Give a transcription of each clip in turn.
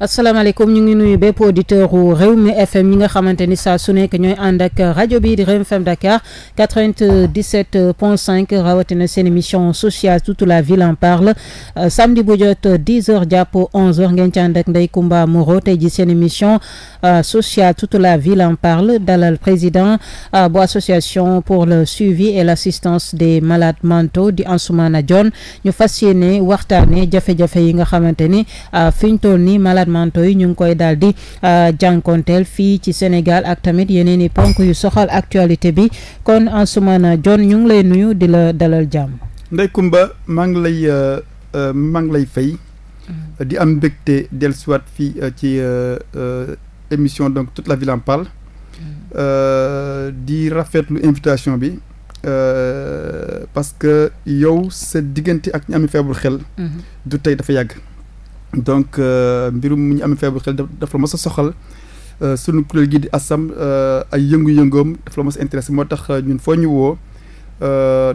asalaamaaleykum ñu ngi nuyu bépp auditeur u Rewmi FM ñi nga xamante ni saa su nekk ñooy ànd ak rajo bi di Rewmi FM Dakar 97 point 5 rawatina seen émission sociale toute la ville en parle euh, samedi bu jot 10 heures jàpp 11 heures ngeen ci ànd ak Ndeye Comba tey ji seen émission euh, sociale toute la ville en parle dalal président euh, bu association pour le suivi et l' assistance des malades di di Ansoumana Dione ñu fas yéene waxtaane jafe-jafe yi nga xamante ni fi ñu manto yi ñu ngi koy daal di euh, jànkonteel fii ci Sénégal ak tamit yeneen i ponk yu soxal actualité bi kon Ansoumana Dione ñu ngi lay nuyu di la dalal jàmm. Ndeye kumba maa ngi lay euh, euh, maa ngi lay fay. Mm. di am mbégte dellusiwaat fii ci émission donc toute la ville pal parle. Mm. di rafetlu invitation bi. parce que yow sa diggante ak ñu amee feebul xel. Mm-hmm. du tey dafa yàgg. donc euh, mbirum mu ñu amee feebar xel dafa mos a soxal euh, sunu kuréel gi di ASSAMM euh, ay yëngu-yëngoom dafa mos mas a intéressé moo tax ñun foo ñu woo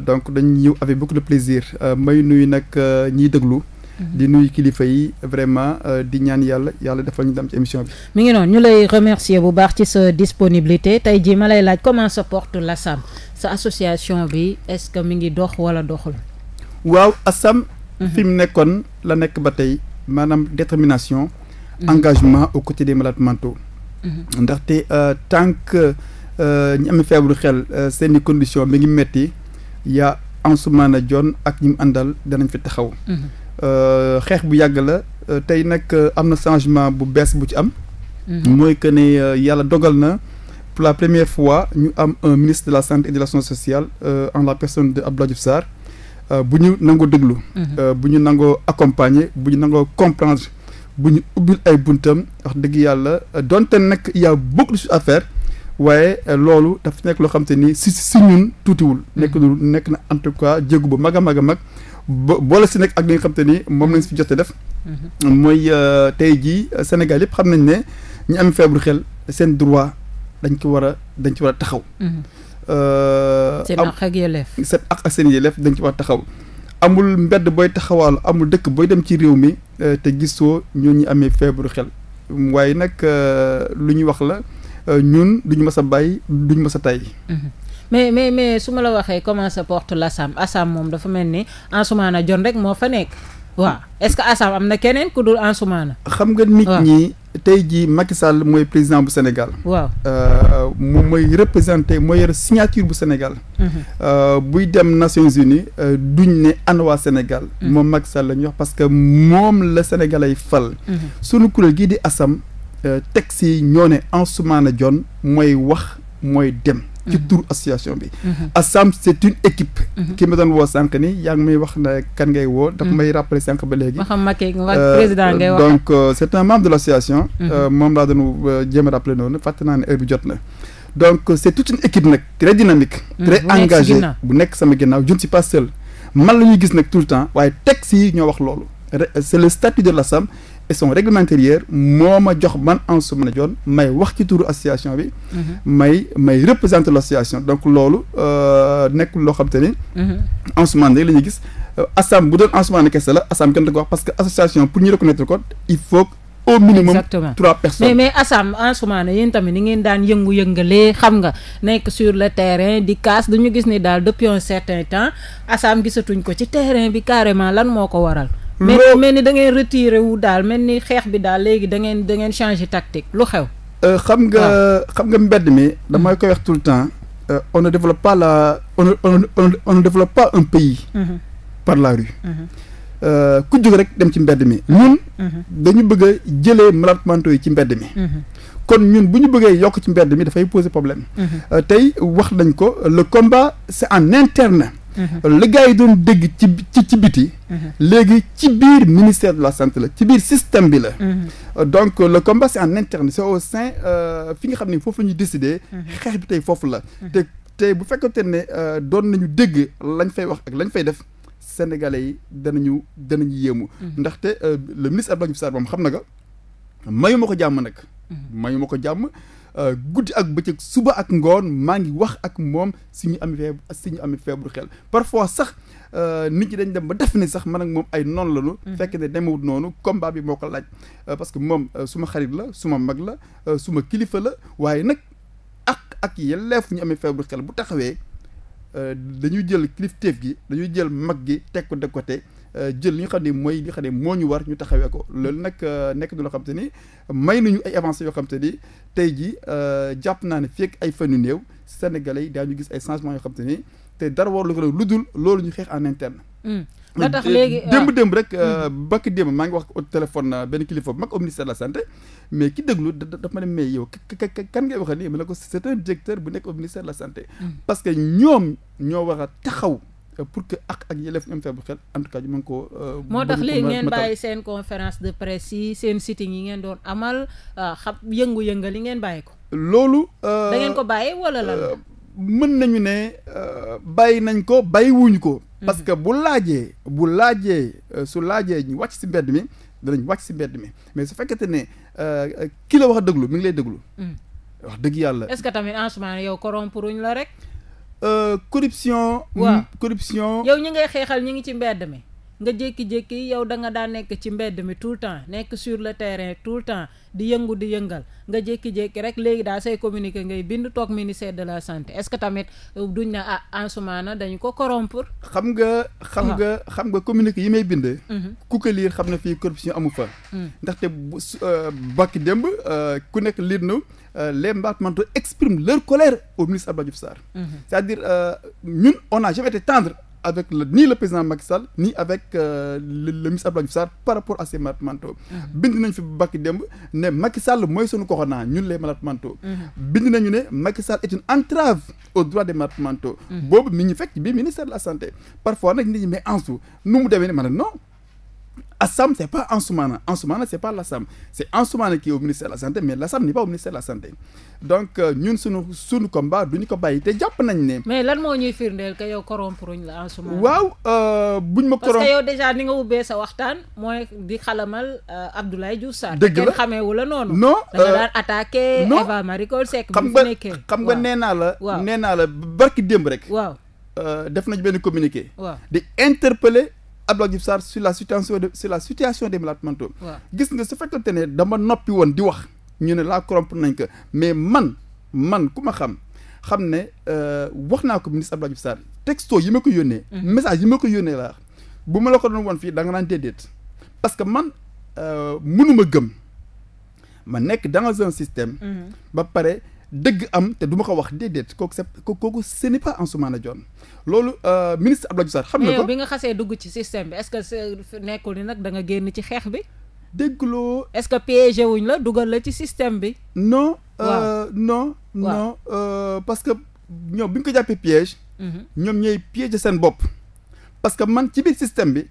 donc dañ ñëw avec beaucoup de plaisir may nuyu nag ñiy déglu. Mhm. di nuyu kilifa yi vraiment di ñaan yàlla yàlla defal ñu dem ci émission bi. mi ngi noonu ñu lay remercier bu baax ci sa disponibilité tey jii ma lay laaj comment se porte l'ASSAMM sa association bi est-ce que mi ngi dox wala doxul. waaw ASSAMM. Mhm. fi nekkoon la nekk ba tey. maanaam détermination mhm. engagement aux côtés des malades mentaux mhm. ndaxte euh, tant que euh, ñi amee feebaru xel euh, seeni condition mi ngi metti yaa Ansoumana Dione ak ñi mu àndal danañ fi taxaw mhm. xeex bu yàgg la tey nag am na changement bu bees bu ci am mooy que ne yàlla dogal na pour la première fois ñu am un ministre de la santé et de l'action sociale en la personne de Abdoulaye Diouf Euh, bu ñu nangoo déglu. Mhm. Euh, bu ñu nangoo accompagner bu ñu nangoo comprendre bu ñu ubbil ay buntam wax dëgg yàlla euh, donte nag y' a beaucoup de à waaye loolu dafa nekk loo xam ni si si ñun tuutiwul. Mhm. nekk lu nekk na en tout cas jéegu bu mag a mag a mag bo boole si nekk ak li nga xam ni moom lañ si jotee def. Mhm. mooy tey jii Sénégal yëpp xam nañ ne ñu am feebaru xel seen droit dañ ko war a dañ ci war a taxaw. Euh, seen ak ak seen ak ak dañ ci war taxaw amul mbedd booy taxawaalu amul dëkk booy dem ci réew mi euh, te gisoo ñoo ñu amee feebaru xel waaye nag euh, lu ñu wax la ñun duñu mës a bàyyi duñu mës a tay mhm. mais mais mais su ma la waxee comment se porte l'ASAM ASAM moom dafa mel ni Ansoumana Dione rek moo fa nekk waaw est-ce que ASAM am na keneen ku dul Ansoumana xam nga nit ñi tey jii Macky Sall mooy président bu Sénégal. waaw euh, moom mooy représenté mooy yor signature bu Sénégal. Mhm. Euh, buy dem Nations Unies euh, duñ ne an Sénégal. Mhm. moom Macky Sall la ñuy wax parce que moom la Sénégalay fal. Mhm. sunu kuréel gii di Assam texte yi ñoo ne Ansoumana jon mooy wax mooy dem. ci mhm. tur association bi mhm. ASSAMM c'est une équipe mhm. ki ma doon woo sànq ni yaa ngi may wax ne kan ngay woo daf may rappeler sànq ba léegi euh, donc euh, c'est un membre de l'association euh, moom laa doon jéem a rappeler noonu fàtte naa ne heure bi jot na donc c'est toute une équipe nag très dynamique très engagée bu nekk sama ginnaaw je ne suis pas seul man la ñuy gis nag tout le temps waaye texte yi ñoo wax loolu c'est le statut de l'ASSAMM et son règlement intérieur moo ma jox man en su ma joon may wax ci turu association bi. Mm-hmm. may may représenter l'association donc loolu euh, nekk loo xam te ni. Mm-hmm. en su gis euh, assam bu doon en su ma kese la assam kenn que association pour ñu reconnaître ko il faut. au minimum Exactement. trois personnes mais mais Assam Ansoumana yéen nga nekk sur le terrain di kaas dañu gis ni daal depuis un certain temps Assam gisatuñ ko ci terrain bi carrément lan moo ko waral. loo mel ni da ngeen retiré wu daal mel ni xeex bi daal léegi dangeen dangeen da ngeen changé tactique lu xew. Euh, xam nga ah. xam nga mbedd mi. damay koy wax tout le temps. Euh, on ne développe pas la on on on, on mm-hmm. par la rue. Mm-hmm. Euh, ku jóg rek dem ci mbedd mi. ñun mm-hmm. dañu bëgg a jëlee malades yi ci mbedd mi. kon ñun bu ñu bëggee yokk ci mbedd mi dafay poser problème. Euh, tey wax nañ ko le combat c'est en interne. Mm-hmm. li gars yi doon dégg ci ci ci biti mm-hmm. léegi ci biir ministère de la santé la ci biir système bi la mm-hmm. euh, donc euh, le combat c'est en interne c'est au sein euh, fi nga xam ne foofu la ñuy décider xeex bi tey foofu la te te bu fekkante ne doon nañu dégg lañ fay wax ak lañ fay def sénégalais yi danañu danañu yéemu ndaxte le ministre Abdoulaye Diouf Sarr xam na ko mayuma ko jàmm nag mayuma ko jàmm Euh, guddi ak bëccëg suba ak ngoon maa ngi wax ak moom si ñu am feeb ñu am feebru xel parfois sax euh, nit ñi dañ dem ba def ni sax man ak moom ay noon lañu. Mhm. fekk ne demewut noonu combat bi moo ko laaj. Euh, parce que moom suma xarit la suma mag la suma kilifa la waaye nag ak ak yelleef ñu amee feebru xel bu taxawee dañuy jël kilifteef gi dañuy jël mag gi teg ko de côté. jël li nga xam ne mooy li nga xam ne moo ñu war ñu taxawee ko loolu nag euh, nekk na loo xam te ni may nañu ay avancées yoo xam te ni tey jii euh, jàpp naa ne fekk ay fan yu néew Sénégalais yi ñu gis ay changements yoo xam te ni te dara warul ko lu dul loolu ñu xeex en interne. Hmm. la tax léegi euh, démb démb rek. Hmm. bakk dem maa ngi wax au téléphone benn kilifa bu mag au ministère la santé. mais ki déglu daf ma ne mais yow kan ngay waxal nii ma ne ko c'est un bu nekk au ministère de la hmm. parce que ñoom ñoo war a taxaw. pour que ak ak yelleef ñu am feebu xel en tout cas koo. Euh, moo tax léegi ngeen bàyyi seen conférence de presse yi seen sitting yi ngeen doon amal euh, xam yëngu-yëngal yi ngeen bàyyi ko. loolu. Euh, da ngeen ko bàyyi wala lan mën nañu ne bàyyi nañ ko bàyyi ko. Mhm. parce que bu laajee bu laajee su laajee ñu wàcc si mbedd mi danañ wàcc si mbedd mi mais su fekkente ne ki la wax dëglu mu ngi lay déglu. Mhm. wax dëgg yàlla. est-ce que tamit en ce moment la rek. Euh, corruption. waaw mm, corruption. yow ñi ngay xeexal ñi ngi ci mbedd mi nga jékki-jékki yow da nga daa nekk ci mbedd mi tout le temps nekk sur le terrain tout le temps di yëngu di yëngal nga jékki-jékki rek léegi daa say communiqué ngay bind toog ministère de la santé est-ce que tamit euh, duñ na ah na dañu ko corrompre. xam nga xam nga xam nga communiqué yi may bind. Mhm. ku ko liir xam na fii corruption amu fa. Mm. ndaxte bu euh, bakki démb ku nekk liir nu euh, les départementaux expriment leur colère au ministre Abdoulaye Diouf Sarr. Mmh. c'est-à-dire euh, ñun on n'a jamais été tendre avec le, ni le président Macky Sall ni avec euh, le, le ministre Abdoulaye Diouf Sarr par rapport à ces malades mentaux. Mhm. bind nañ fi bakki démb ne Macky Sall mooy sunu koxonaa ñun les malades mentaux. Mhm. bind nañu ne Macky Sall est une entrave aux droits des malades mentaux. Mhm. boobu mi ñu fekk bii ministère de la santé parfois nag nit ñi mais en tout nu mu demee ne ma ne non. Assam c'est pas Ansoumana Ansoumana c'est pas l'Assam c'est Ansoumana qui est au ministère de la santé mais l'Assam n'est pas au ministère de la santé donc euh, ñun suñu suñu combat duñu ko bàyyi te jàpp nañ ne. mais lan moo ñuy firndeel que yow corrompre ñu la Ansoumana. waaw euh, buñ ma. corrompre parce que ni nga ubbee sa waxtaan mooy di xalamal euh, Abdoulaye Diouf Sarr. dëgg la kenn xameewu la noonu. non da nga daan attaqué. non Eva Marie Coll Seck. xam nga xam nga nee naa la. waaw nee naa la barki démb rek. waaw def nañ benn communiqué. waaw di interpeller. Abdoulaye Diouf Sarr sur la situation de sur la de des malades mentaux gis nga su fekkante ne dama noppi woon di wax ñu ne laa corrompre nañ ko mais man man ku ma xam xam ne euh, wax naa ko ministre Abdoulaye Diouf Sarr texto yi ma ko yónnee mhm. message yi ma ko yónnee laa bu ma la ko doon woon fii da nga naan déedéet parce que man euh, mënuma gëm ma nekk dans un système mhm. ba pare dëgg am te du ma ko wax déedéet kooku c'est kooku ce en pas Ansoumana Dione loolu euh, ministre Abdoulaye Diouf Sarr xam na ko bi nga xasee dugg ci système bi est-ce que nekkul ni nag danga nga génn ci xeex bi déggloo est-ce que piégé wuñ la dugal la ci système bi non euh, non waaw. Euh, parce que ñoom bi ñu ko jàppee piège mhm. ñoom ñooy piégé seen bopp parce que man ci biir système bi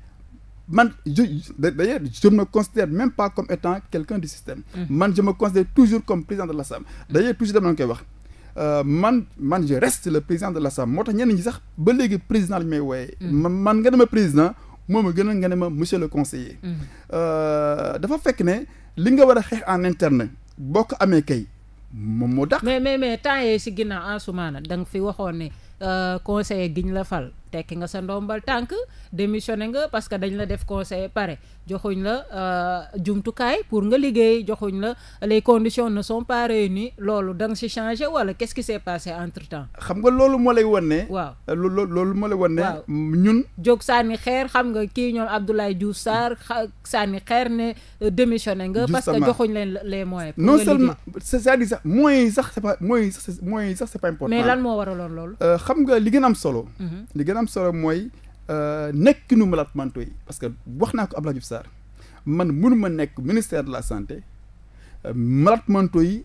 man je d'ailleurs je ne me considère même pas comme étant quelqu'un du système. Mm. man je me considère toujours comme président de l'Assemblée. d'ailleurs toujours dama koy wax euh, man man je reste le président de l'Assemblée moo tax ñenn ñi sax ba léegi président lañ may wooyee. Mm. man nga ne ma président moo ma gën a nga ne ma monsieur le conseiller. Mm. Euh, dafa fekk ne li nga war a xeex en interne boo ko amee kay. moom moo tax mais mais mais temps yii si ginnaaw Ansoumana da nga fi waxoon ne euh, conseiller giñ la fal tekki nga sa ndombal tànk démissionné nga parce que dañ la def conseiller pare joxuñ la euh, jumtukaay pour nga liggéey joxuñ la les conditions ne sont pare réunies loolu da nga si changé wala qu'est-ce qui s'est passé entre temps. xam nga loolu moo lay wan ne. waaw euh, loolu loolu moo lay wan ne. ñun. jog sànni xeer xam nga kii ñoom Abdoulaye Diouf Sarr sànni xeer ne euh, démissionné nga. parce que joxuñ leen les moyens. pour non seulement cest à sax moyens sax c'est pas moyens yi sax c'est pas important. mais lan moo waraloon loolu. xam nga li solo. Mhm. am solo mooy euh, nekkinu malades mentaux yi parce que wax naa ko Abdoulaye Diouf Sarr man mënuma nekk ministère de la santé euh, malades mentaux yi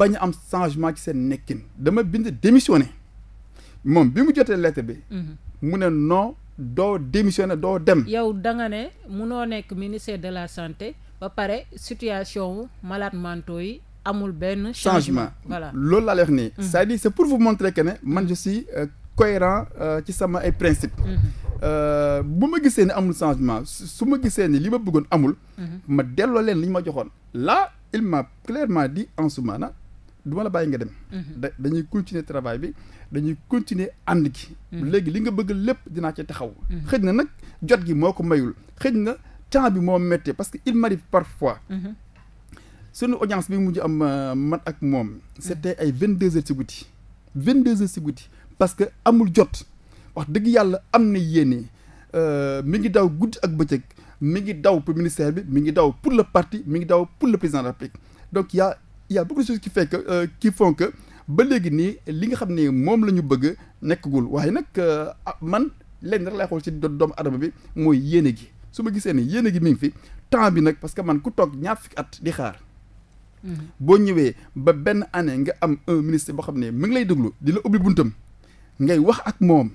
bañ am changement ci seen nekkin dama bind démissionné moom bi mu jotee lettre bi. Mhm. mu ne non doo démissionné doo dem. yow da nga ne munoo nekk ministère de la santé ba pare situation malades mentaux yi. amul benn changement loolu laa lay wax nii. Mhm. c'est-à-dire pour vous montrer que man je euh, cohérent euh, ci sama ay principe mhm. euh, bu ma gisee ne amul changement su ma gisee ni li ma bëggoon amul mhm. ma delloo leen li ñu ma joxoon la il m'a clairement dit Ansoumana na ma la bàyyi nga dem mhm. dañuy continuer travail bi dañuy continuer ànd gi léegi li nga bëgg lépp dinaa ci taxaw xëj na nag jot gi moo ko mayul xëj na temps bi moo méttee parce que il m'arrive parfois sunu audience bi mujj am euh, man ak moom c'était ay vingt deux heures si guddi parce que amul jot wax dëgg yàlla am na yéene euh, mi ngi daw guddi ak bëccëg mi ngi daw pour ministère bi mi ngi daw pour le parti mi ngi daw pour le président de la donc y' a y' a beaucoup de choses qui euh, que ba léegi nii li nga xam ne moom la ñu bëgg nekkagul waaye nag euh, ah, man lenn rek laay xool ci doomu adama bi mooy yéene gi su ma gisee ni yéene gi mi ngi fi temps bi nag parce que man ku toog ñaar fukki at di xaar. Mm-hmm. boo ñëwee ba benn année nga am un ministre boo xam ne mi ngi lay déglu di la ubbi buntam. ngay wax ak moom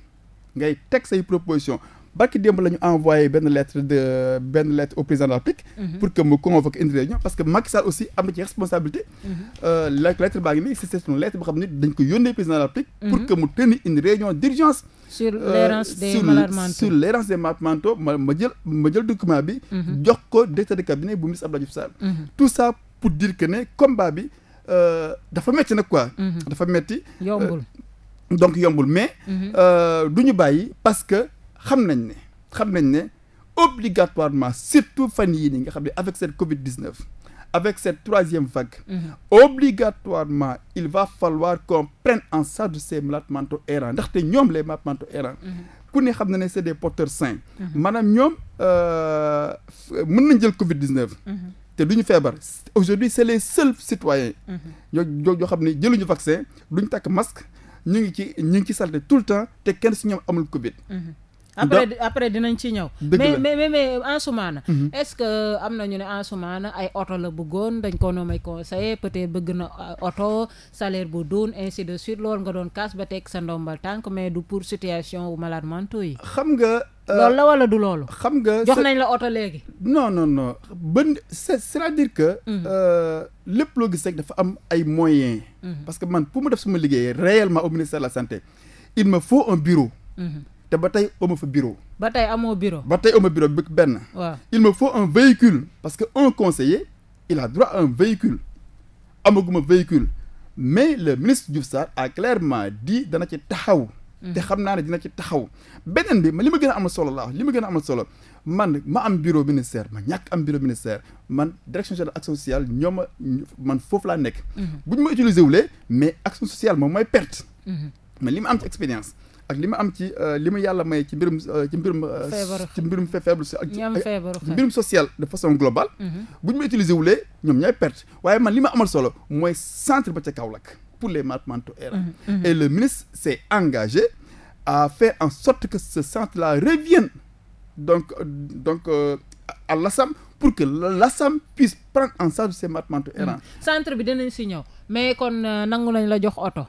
ngay teg say proposition barki démb la ñu envoyé benn lettre de benn lettre au président de la République mhm. pour que mu convoque une réunion parce que Macky Sall aussi am na ci responsabilité mhm. euh, la lettre baa ngi nii c'est une lettre boo xam ne dañ ko yónnee président de la pour mhm. que mu tenir une réunion d'urgence sur euh, l'errance des malades sur l'errance des malades mentaux ma ma jël ma jël document bi jox ko directeur de cabinet bu ministre Abdoulaye Diouf donc yombul mais. Mhm. Euh, du ñu bàyyi parce que xam nañ ne xam nañ ne obligatoirement surtout fan yii nii nga xam ne avec cette Covid 19. avec cette troisième vague. Mm -hmm. obligatoirement il va falloir qu'on prenne en charge ces malades mentaux ndaxte ñoom lay malades mentaux errants. Mhm. ku ne xam na ne c'est des porteurs sains. Mhm. maanaam ñoom euh, mën nañ jël Covid 19. te du ñu feebar aujourd'hui c'est les seuls citoyens. ñoo ñoo xam ne jëluñu vaccin ñu takk masque. ñu ngi ci ñu ngi ci salte tout le temps te kenn si ñoom amul Covid. Mhm. après après dinañ ci ñëw. mais mais mais Ansoumana. Mhm. est-ce que am na ñu ne Ansoumana ay oto la bëggoon dañ ko nommé conseiller peut-être bëgg na euh, oto salaire bu duun ainsi de suite loolu nga doon kaas ba teg sa ndombal tànk mais du pour situation wu malade mentaux yi. xam nga. Euh, loolu la wala du loolu. xam nga jox nañ la oto léegi. non non non ban c'est-à-dire que. Mhm. Euh, lépp loo gis rek dafa am ay moyen mhm. parce que man pour mu def suma liggéey réellement au ministère de la santé il me faut te ba tey amu fa bureau. ba tey amoo bureau. ba tey amoo bureau benn. waaw il me faut un véhicule. parce que un conseiller il a droit à véhicule amaguma véhicule mais le ministre Diouf Sarr a clairement di dana ci taxaw. Mm. te xam naa ne dina ci taxaw. beneen bi ma li ma gën a am solo laa li ma gën a am solo man ma am bureau ministère ma ñàkk am bureau ministère man direction générale action sociale ñoo ma man foofu laa nekk. Mm-hmm. bu ñu ma utiliser wulee mais action sociale moom moy perte. Mm-hmm. man li ma am expérience. ak li ma am ci euh, li ma yàlla may ci mbirum euh, ci mbirum. Euh, ci mbirum faible ak ci mbirum social de façon globale. Mhm. bu ñu ma utiliser wulee ñoom ñooy perte waaye man li ma amal solo mooy centre ba ca Kaolack pour les malades errants. Mhm, mhm. et le ministre s'est engagé à faire en sorte que ce centre là revienne donc donc à l'ASSAM pour que l'ASSAM puisse prendre en charge ces malades errants. centre bi dinañ si ñëw mais kon nangu nañ la jox oto.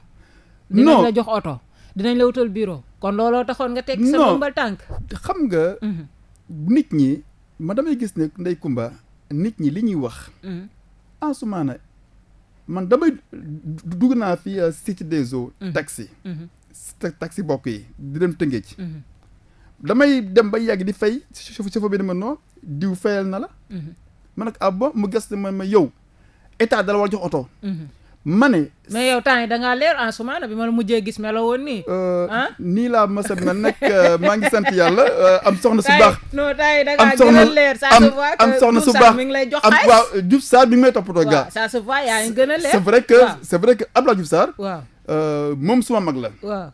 dinañ la jox oto. dinañ la wutal bureau kon looloo taxoon nga teg sa ndombal tànk xam nga mhm. nit ñi man damay gis ne ndey Comba nit ñi li ñuy wax Ansoumana mhm. man damay dugg naa fi site euh, des eaux mhm. taxi taxi bokk yi di dem tëngee ci dem ba yàgg di fay chauffeur bi ne ma non diw fayal na la ma ne ko ah bon mu ges ma ma yow état dala war jox oto ma ne. mais yow temps yi da leer en ce bi ma la mujjee gis melo woon nii. ah nii laa mës a mel nag euh, maa ngi sant yàlla euh, am soxna su baax. non temps yi da ngaa gën a leer ça se voit am soxna su baax mi ngi lay jox xaalis waaw Diouf Sarr mi ngi may toppatoo gaa. waaw ça se voit yaa ngi gën a leer. c'est vrai que c'est vrai que Abdoulaye Diouf Sarr. waaw moom suma mag la. waaw.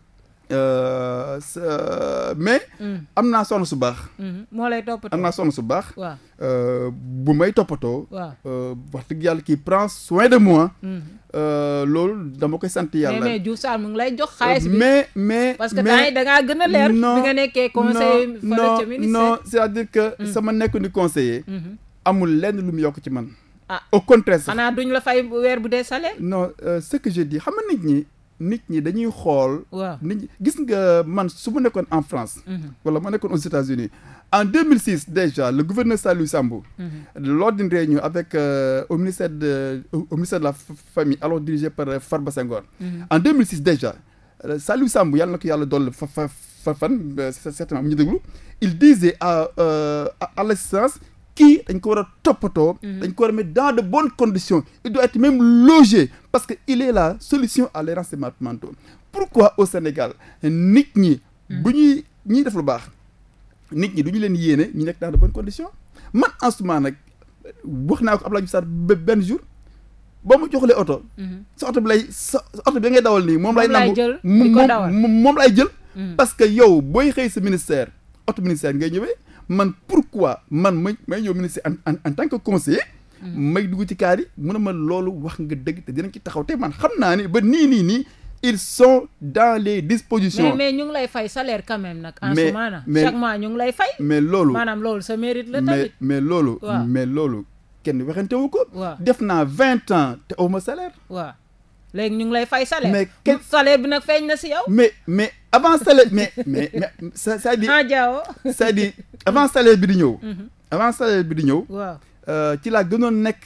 Euh, euh, mais. Mm. am naa soxna su baax. Mm-hmm. moo lay toppatoo am naa soxna su baax. waaw euh, bu may toppatoo. waaw wax dëgg yàlla kii prend soin de moi. Mm-hmm. loolu dama koy sant yàlla. mais mais mu lay jox xaalis mais parce que temps yi da gën a leer. non bi nga nekkee conseiller. non non c'est-à-dire que. Mm-hmm. sama nekk ni conseiller. amul lenn lu mu yokk ci man. ah au contraire sax xanaa duñ la fay weer bu dee salaire. non ce que je dis xam nga nit ñi. nit ñi dañuy xool. waaw nit ñi gis nga man su ma nekkoon en France. Mhm. wala ma nekkoon aux États-Unis en 2006 déjà le gouverneur Saliou Sambou. Mhm. lors d'une réunion avec euh, au ministère de au la famille alors dirigé par euh, Farba Senghor. Mhm. en 2006 déjà euh, Saliou Sambou yàlla na ko yàlla dolli fa fa fan certainement mu ñu il disait à l'essence kii dañ ko war a toppatoo. Mhm. dañ ko war a mettre dans de bonnes conditions il doit être même logé parce que il est la solution à l'errance des manteaux pourquoi au Sénégal nit ñi. Mhm. bu ñuy ñiy def lu baax. nit ñi du ñu leen yéene ñu nekk dans de bonnes conditions man en ce nag wax naa ko Abdoulaye Diouf Sarr benn jour. boo mu joxulee oto. Mhm. sa oto bi lay sa oto bi ngay dawal nii. moom lay nangu moom moom lay jël. parce que yow booy xëy sa ministère oto ministère ngay ñëwee. man pourquoi man may may yow ministre en en tant que conseiller. Mm. may dugg ci kaar yi mu ne ma loolu wax nga dëgg te dinañ ci taxaw te man xam naa ne ba nii nii nii. ils sont dans les dispositions. mais mais ñu ngi lay fay salaire quand même nag. en mais chaque mois ñu lay fay. mais loolu maanaam loolu sa mérite la mais loolu. mais loolu kenn waxante wu ko. waaw def naa vingt ans te aw ma salaire. waaw léegi ñu ngi lay fay salaire. mais kenn salaire bi nag feeñ na si yow. mais mais. avant salaire mais mais mais c'est-à-dire. ah Diao avant salaire bi di ñëw. Mhm. avant salaire bi di ñëw. waaw euh, ci laa gënoon nekk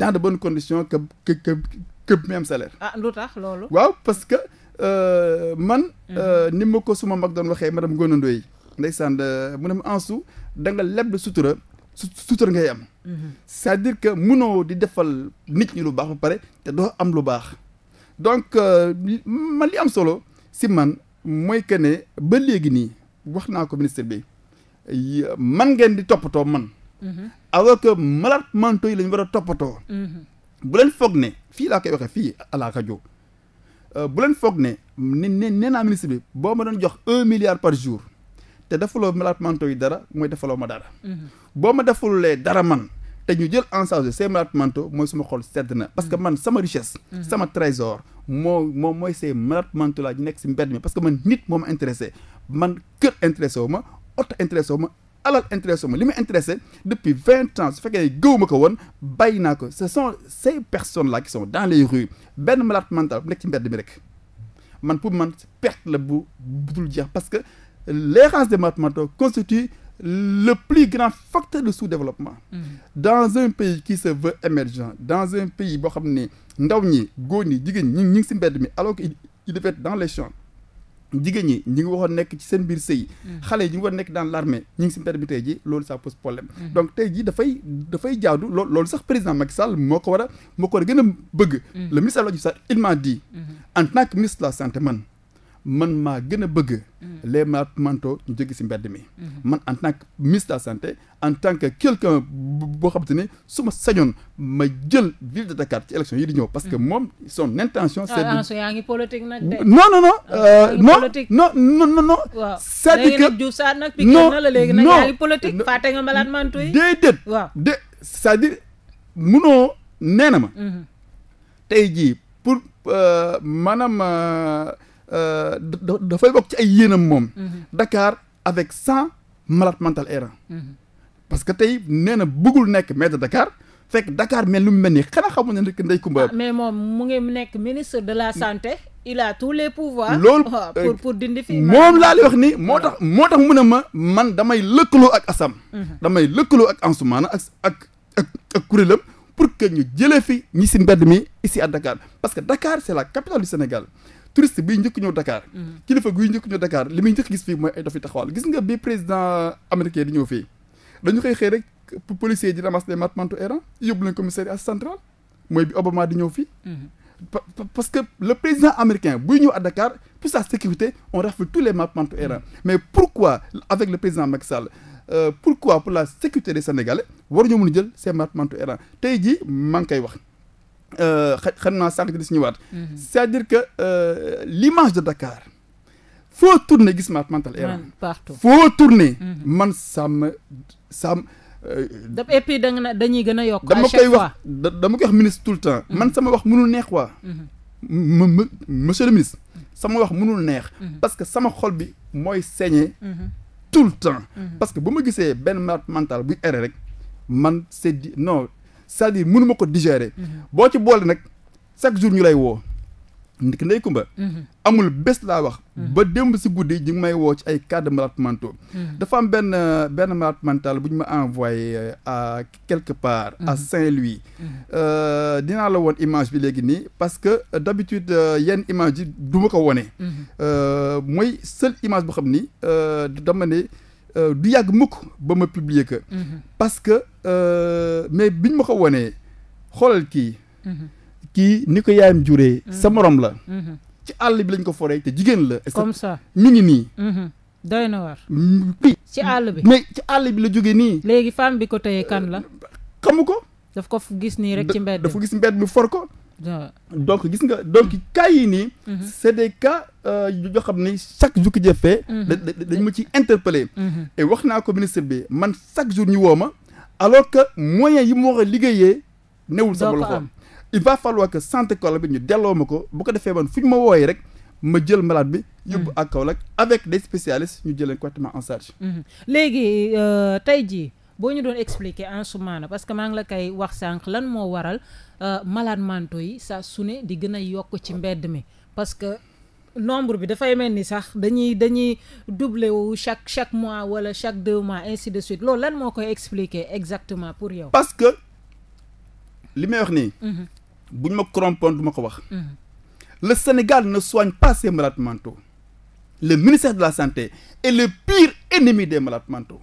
dans de bonnes conditions que que que que même salaire. Ah, lu tax loolu. waaw parce que euh, man. Mhm. Euh, ni ma ko suma mag doon waxee madame Ngoné Ndoye ndeysaan mu ne ma Ansu da nga leb sutura sutura ngay am. Mhm. cest dire que munoo di defal nit ñi lu baax ba pare te doo am lu baax donc man li am solo si man. mooy que ne ba léegi nii wax naa ko ministre bi man ngeen di toppatoo man. Mhm. alors que malades mentaux yi lañ war a toppatoo. Mhm. bu leen foog ne fii laa koy waxee fii à la rajo euh, bu leen foog ne ni ne nee naa ministre bi boo ma doon jox un milliard par jour te defuloo malaat mentaux yi dara mooy defaloo ma dara. Mhm. boo ma defulee dara man. te ñu jël en charge ces malades mentaux mooy suma xol sedd na parce que mm. man sama richesse mm-hmm. sama trésor moo moo mooy ces malades mentaux la ñu nekk si mbedd mi parce que man nit moo ma intéressé man kër intéressé wu ma oto intéressé wu ma alal intéressé wu ma li ma intéressé depuis vingt ans su fekkee ne gëw ma ko woon bàyyi naa ko ce sont ces personnes là qui sont dans les rues benn malade mental bu nekk ci mbedd mi rek man pour man perte la bu budul jeex parce que l'errance des malades mentaux constitue le plus grand facteur de sous-développement mmh. dans un pays qui se émergent dans un pays boo xam ne ndaw ñi góor ñi jigéen ñi ñi ngi si mbedd mi alors que il devait être dans les champs jigéen ñi ñi ngi waxoon nekk ci seen biir sëy mm. xale yi ñi ngi waxoon nekk dans l'armée ñi ngi si mbedd mi tey ji loolu ça pose problème mm. donc tey ji dafay dafay jaadu lool loolu sax président Macky Sall moo ko war a moo ko war a gën a bëgg mm. le ministre Abdoulaye Diouf sax il m'a mm-hmm. en tant que ministre la man man maa gën a bëgg. Mm. les malades manto ñu jóge si mbedd mi. Mm-hmm. man en tant que ministre de santé en tant que quelqu'un boo xam xamante ni su ma sañoon ma jël ville de Dakar ci élection yi di ñëw. parce que mm-hmm. moom son intention. Ah, c'est de yaa ngi politique nag de. non non non. Ah, euh, non non non non non. waaw c'est-à-dire que Diouf Sarr nag piqué na la léegi nag yaa ngi politique munoo nee ma. Mm-hmm. tey jii pour euh, maanaam. Euh, Euh, dafay bokk ci ay yéenam moom. Mhm. Dakar avec cent malades mentaux errants. Mhm. parce que tey nee na bëggul nekk maire de Dakar. fekk dakaar mel ni mu mel nii xanaa xamu ne ndek ndey Kumba. Ah, mais moom mu ngi nekk ministre de la santé. il a tous les pouvoirs. loolu ah, euh, pour pour dindi fi. moom laa lay wax ni moo tax moo tax mu ne ma man damay lëkkaloo ak Assam. Mhm. damay lëkkaloo ak Ansoumana ak ak ak ak kuréelam pour que ñu jëlee fi ñi si mbedd mi ici a Dakar parce que Dakar c' est la Sénégal. touriste biy njëkk ñëw Dakar. Mm-hmm. kilifa guy njëkk ñëw Dakar li muy njëkk gis fii mooy ay dafi taxawal gis nga bi président américain di ñëw fii dañu xëy xëy rek policier di ramasse les manteaux errants yóbbu leen commissariat central mooy bi Obama di ñëw fii. Mm-hmm. parce que le président américain buy ñëw à Dakar pour sa sécurité on rafle tous les manteaux errants mm-hmm. mais pourquoi avec le président Macky Sall euh, pourquoi pour la sécurité des Sénégalais war ñu mun jël ces manteaux errants tey jii maa koy wax. Euh, xam naa sànq di si ñëwaat. Mhm. cest dire que euh, l'image de Dakar foo tourner gis ma mental erreur. partout foo tourner. Mhm. man sàmm sàmm. daf et puis dañuy gën a yokk. à chaque dama koy wax dama koy ministre tout le temps. Mhm. man sama wax munul neex waa. monsieur le ministre. sama wax mënul neex. parce que sama xol bi mooy saigner. tout le temps. parce que bu ma gisee benn malade mental buy erreur rek man c'est di c'est-à-dire mënuma ko digérer. Mhm. boo ci boole nag chaque jour ñu lay woo. ndik ndey kumba mhm. amul bés laa wax. Mhm. ba démb si guddi ñu may woo ci ay cas de malades mentaux. dafa am benn benn malade bu ñu ma envoyé euh, à quelque part. à Saint-Louis. Euh, dinaa la woon image bi léegi nii parce que euh, d'habitude yenn image yi du ma ko wone mooy seule image boo xam ni dama Euh, du yàgg mukk ba ma publier que. Mhm. parce que euh, mais biñ ma ko wonee xoolal kii. Mhm. kii ni ko yaayam juree. Mhm. sa moroom la. ci àll bi lañ ko foree te jigéen la. comme ça mi ngi nii. doy na war. Mm, ci àll bi mais ci àll bi la jóge nii. léegi femme bi ko téye kan la. xamu ko. daf ko gis nii rek ci mbedd dafa gis mbedd bi for ko. donc gis nga donc cas yii nii. Mhm. c'est des cas euh, yoo xam ne chaque jour ki jëfee. Mhm. dañ ma ci interpellé. Mhm. et wax naa ko ministre bi man chaque jour ñu woo ma alors que moyen yi mu war liggéeyee. newul sa sama loxo il va falloir que santé kola bi ñu delloo ma ko bu ko defee man fu ñu ma wooyee rek. ma jël malaat bi. yóbbu ak Kaolack avec des spécialistes ñu jël leen correctement en charge. léegi euh, tey jii boo ñu doon expliquer Ansoumana parce que maa ngi la koy wax sànq lan moo waral euh, malade mentaux yi sa su ne di gën a yokk ci mbedd mi parce que nombre bi dafay mel ni sax dañuy dañuy doubler wu chaque chaque mois wala chaque deux mois ainsi de suite lool lan moo koy expliquer exactement pour yow. parce que li may wax nii. Mhm. buñ ma corrompon du ma ko wax. Mhm. le Sénégal na soigne pas ses manto mentaux. le ministère de la santé est le pire ennemi de malades mentaux.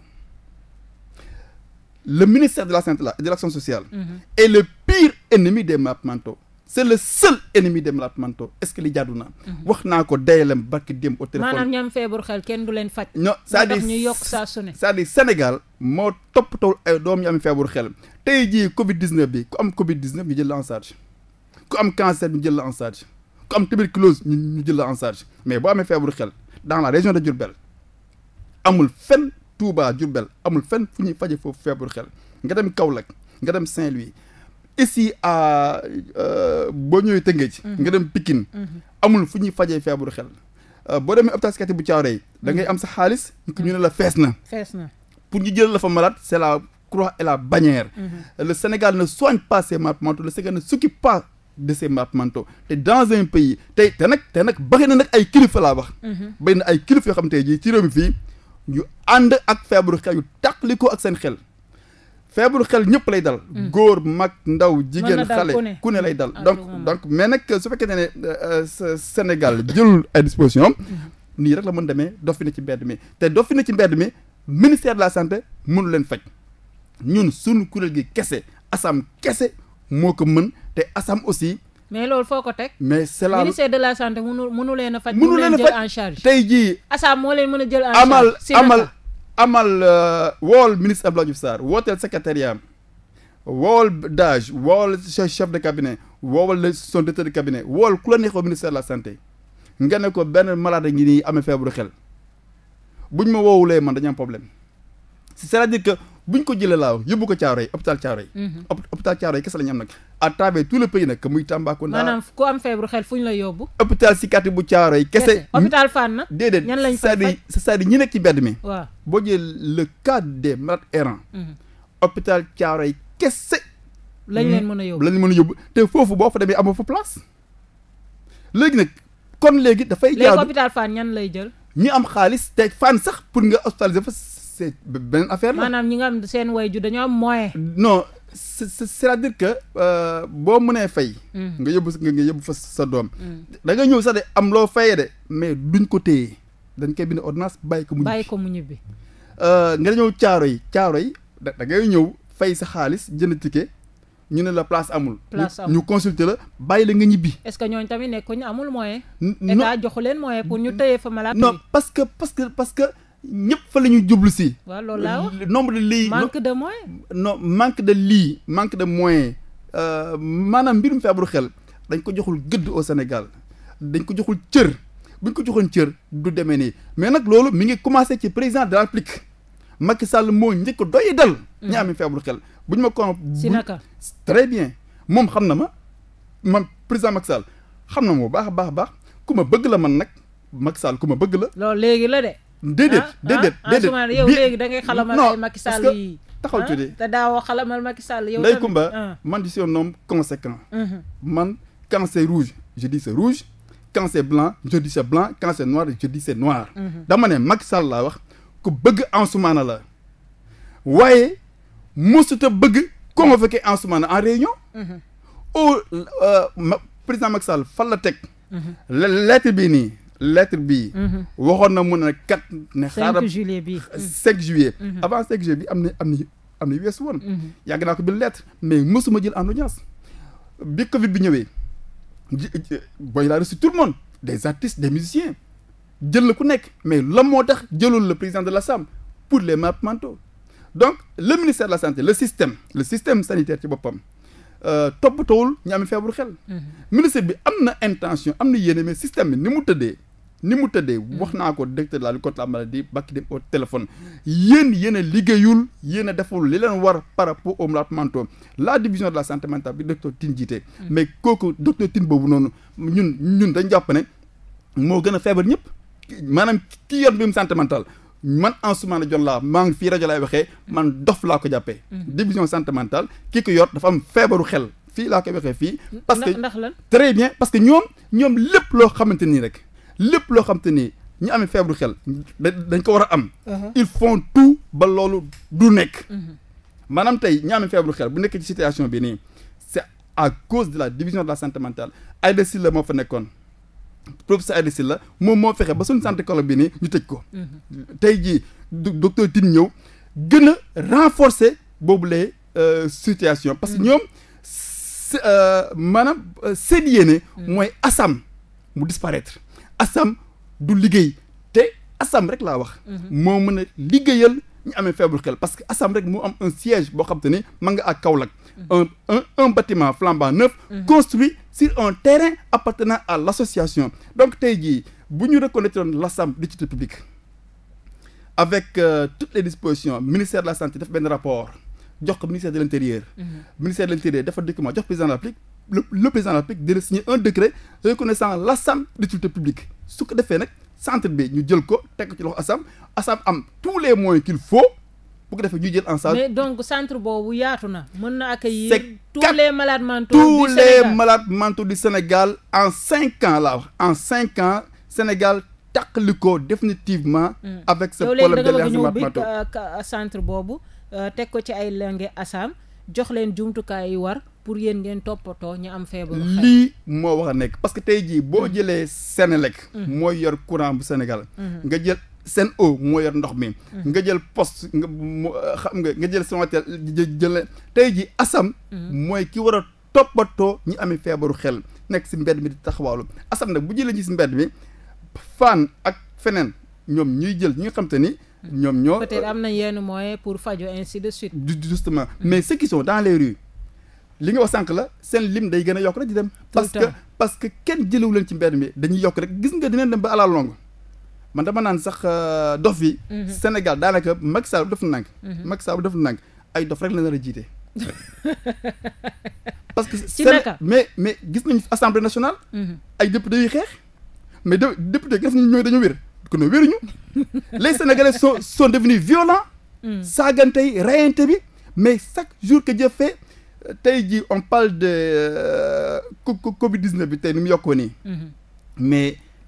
la ministère de la sent là de l'action sociale mm -hmm. est le pire ennemi des malades mentaux c'est le seul ennemi des malades mentaux est-ce que li jàddu naa mhm. wax naa ko dayalam barki dem au téléphone maanaam ñam feebaru xel kenn du leen faj non c'est-à-dire ñu yokk saa su ne c'est-à-dire Sénégal moo toppatoo ay doom ñu am feebaru xel tey jii Covid bi ku am Covid 19 ñu jël la en charge ku am cancer ñu jël la en charge ku am tuberculose ñu jël la en charge mais boo amee feebaru xel dans la région de Diourbel Touba Diourbel amul fenn fu ñuy faje foofu feebaru xel nga dem Kaolack nga dem Saint-Louis ici à euh, boo ñëwee Tëngéej mhm. nga dem Pikine mhm. amul fu ñuy fajee feebaru xel euh, boo demee hôpital psychiatrique bu Thiaroye da ngay am sa xaalis ñu ne la fees na fees na pour ñu jël la fa malade c'est la croix et la bannière mhm. le Sénégal ne soigne pas ses malades mentaux le Sénégal ne s'occupe pas de ces malades mentaux te dans un pays tey te nag te na nag ay kilifa laa na ay kilifa yoo xam yu ànd ak feebaru xel yu tàqli ko ak seen xel feebaru xel ñëpp lay dal mm. góor mag ndaw jigéen xale ku ne lay dal mm. donc donc mais nag su fekkee ne euh, euh, Sénégal jëlul ay disposition am mm. nii rek la mën demee dofin ci mbedd mi te dofi ci mbedd mi ministère de la santé mënu leen faj ñun sunu kuréel gi kese asam kese moo ko mën te asam aussi mais loolu foo ko teg. mais c'est la de la santé munu munu leen a munu leen a faj jël en charge tey jii. ASAM moo leen mën a jël en charge. amal amal amal euh, wool ministre Abdoulaye Diouf Sarr wooteel secrétariat am wool DAGE wool chef de cabinet woowal son directeur de cabinet wool ku la neexoo ministère de la santé nga ne ko benn malade ngi nii amee feebaru xel buñ ma woowulee man dañu problème cest à buñ ko jëlee laaw yóbbu ko Thiaroye hôpital Thiaroye mhm. hôpital Thiaroye kese la ñu am nag à travers tout le pays muy Tambacounda maanaam ku am feebaru xel fu hôpital psychiatrique bu Thiaroye kese hôpital Fann fa c'est-à-dire c'est-à-dire ñi nekk ci bedd mi waaw boo jëlee le cas des malades errants mhm. hôpital Thiaroye leen hmm? mën a yóbbu lañ mën a yóbbu te foofu boo fa demee amoo fa place léegi nag kon léegi dafay jaadu léegi hôpital Fann ñan lay jël ñu am xaalis te Fann sax pour nga hospitaliser fa c'est beneen affaire la. maanaam ñi nga am seen wayju dañoo am moyen. non c'est c'est-à-dire euh, boo mënee fay. Mm. nga yóbbu nga yóbbu fa sa doom. Mm. da nga ñëw sax de am loo fayee de mais duñ ko téye dañ koy bind ordonnance bàyyi ko mu. bàyyi ko mu ñibbi. Euh, nga ñëw caaro yi caaro yi da ngay ñëw fay sa xaalis jënd ticket. ñu ne la place amul. place amul ñu consulter la bàyyi la nga ñibbi. est-ce que ñooñu tamit nekkuñu amul moyen. non état joxu leen ñëpp fa la ñuy jublu si. waaw loolu laa nombre de lii. manque de moyens. non manque de lii manque de moyens euh, maanaam mbirum feebaru xel dañ ko joxul gëdd au Sénégal dañ ko joxul cër bu ñu ko joxoon cër du demee nii mais nag loolu mi ngi commencé ci président de la République moo njëkk a doy dal. ñi mm. amee feebaru xel bu ñu ma ko. si naka très bien moom xam na ma man président Macky xam na ma bu baax a baax baax ku ma bëgg la man nag Macky Sall ku ma bëgg la. loolu léegi la de. déedéet ah, ah, déedéet ah, déedéet Soumaré yow léegi da ngay xalamal ay Macky Sall yi taxaw tuuti te daawoo xalamal Macky Sall yow Ndeye Comba man di suis noom homme conséquent mhm. man quand c'est rouge je dis c'est rouge quand c'est blanc je dis c'est blanc quand noir je dis noir mhm. dama ne Macky Sall laa wax ku bëgg Ansoumana la waaye mësuta bëgg convoqué Ansoumana en réunion mhm. au euh, président Macky Sall fan la teg lettre nii lettre bi mhm. waxoon na mu ne kat ne. xaaral 5 juillet bi 5 euh, juillet. Mhm. avant 5 juillet bi am na am na am na weesu woon. Mhm. yàgg naa ko bi lettre mais mosuma jël en audience bi Covid bi ñëwee ji booy laa reçu tout le monde des artistes des musiciens jël la ku nekk mais lan moo tax jëlul le président de l'Assemblée pour les manteaux donc le ministère de la santé le système le système sanitaire ci boppam. Euh, toppatoowul ñu am feebaru xel. Mhm. ministre bi am na intention am na yéene mais système bi ni mu tëddee. ni mu tëddee mhm. wax naa ko directeur de la lutte ko la maladie bakki dem au téléphone yéen yéen a liggéeyul yen a deful li leen war par rapport au la mental la division de la santé mentale bi docteur Tine jiite. Mhm. mais kooku docteur Tine boobu noonu ñun ñun dañ jàpp ne moo gën a feebar ñëpp maanaam kii yor mbirum santé mentale man Ansoumana Dione laa maa ngi fii rajo laay waxee man dof laa ko jàppee mm-hmm. division sentimentale kii ko dafa am feebaru xel fii laa koy waxee fii parce que ndax lan très bien parce que ñoom ñoom lépp loo xamante nii rek lépp loo xamante nii ñu amee feebaru xel dañ ko war a am uh-huh. ils font tout ba loolu du nekk mm-hmm. maanaam tey ñu amee feebaru xel bu nekk ci situation bi nii c'est à cause de la division de la ay mentale Aïda Sylla moo fa nekkoon professeur Aliou la moom moo fexe ba suñu sante colon bi nii ñu tëj ko. Mhm. tey jii docteur Tine ñëw gën a renforcer boobu lay euh, situation. parce que mhm. ñoom euh, maanaam euh, seen yéene. Mhm. mooy asam mu disparaître asam du liggéey te asam rek laa wax. moo mën a liggéeyal ñu amee feebaru xel parce que asam rek mu am un siège boo xam te ni ma nga ak Kaolack. un, un, un bâtiment flambant neuf mhm. construit sur un terrain appartenant à l'association donc tey jii bu ñu reconnaître l'Assemblée du titre public avec euh, toutes les dispositions ministère de la santé def benn rapport jox ko ministère de l'intérieur mhm. ministère de l'intérieur dafa document jox président de la République le, le président de la République dina signer un décret reconnaissant l'Assemblée du titre public su ko defee nag centre bi ñu jël ko teg ko ci loxo Assemblée Assemblée am tous les moyens qu'il faut bu ko defee ñu jël en charge. mais donc centre boobu yaatu na. mën na accueillir tous les malades mentaux tous du Sénégal tous les malades mentaux du Sénégal en cinq ans la wax en cinq ans Sénégal taqali ko définitivement. Mm. avec ce problème de l'hébergement mentaux euh, euh, centre boobu euh, teg ko ci ay langue Assam jox leen jumtukaay yi war pour yéen ngeen toppatoo ñu am feebaru lii moo wax a nekk parce que tey jii boo mm. jëlee Sénélec. Mm. mooy yor courant bu Sénégal. nga jël. Sen'Eau moo yor ndox mi. nga jël post nga euh, xam nga nga jël Sonatel jël tey ji asam. Mm-hmm. mooy kii war a toppatoo ñi amee feebaru xel nekk si mbedd mi di taxawaalu asam nag bu jëlee ñi si mbedd mi faan ak feneen ñoom ñuy jël ñi nga xam ni. Mm-hmm. ñoom ñoo peut-être am na yenn pour faju ainsi de justement mm-hmm. mais ceux qui sont dans les rues li nga wax sànq la seen lim day gën a yokk rek di dem. parce que parce que kenn jëlewu ci mbedd mi dañuy yokk rek gis nga dinañ dem ba à la man dama naan sax euh, dof yi. Mhm. Sénégal daanaka Macky Sall def na nang. Mhm. Macky Sall def na nang ay dof rek la nar a jiite. parce que mais mais gis nañu assemblée nationale. Mhm. ay député yu xeex. mais de député gis nañu ñooy dañu wér kon nag wéruñu les sénégalais sont sont devenus violents. saagante yi rayante bi mais chaque jour que Dieu fait euh, tey jii on parle de euh, Covid 19 bi tey ni mu yokkoo nii.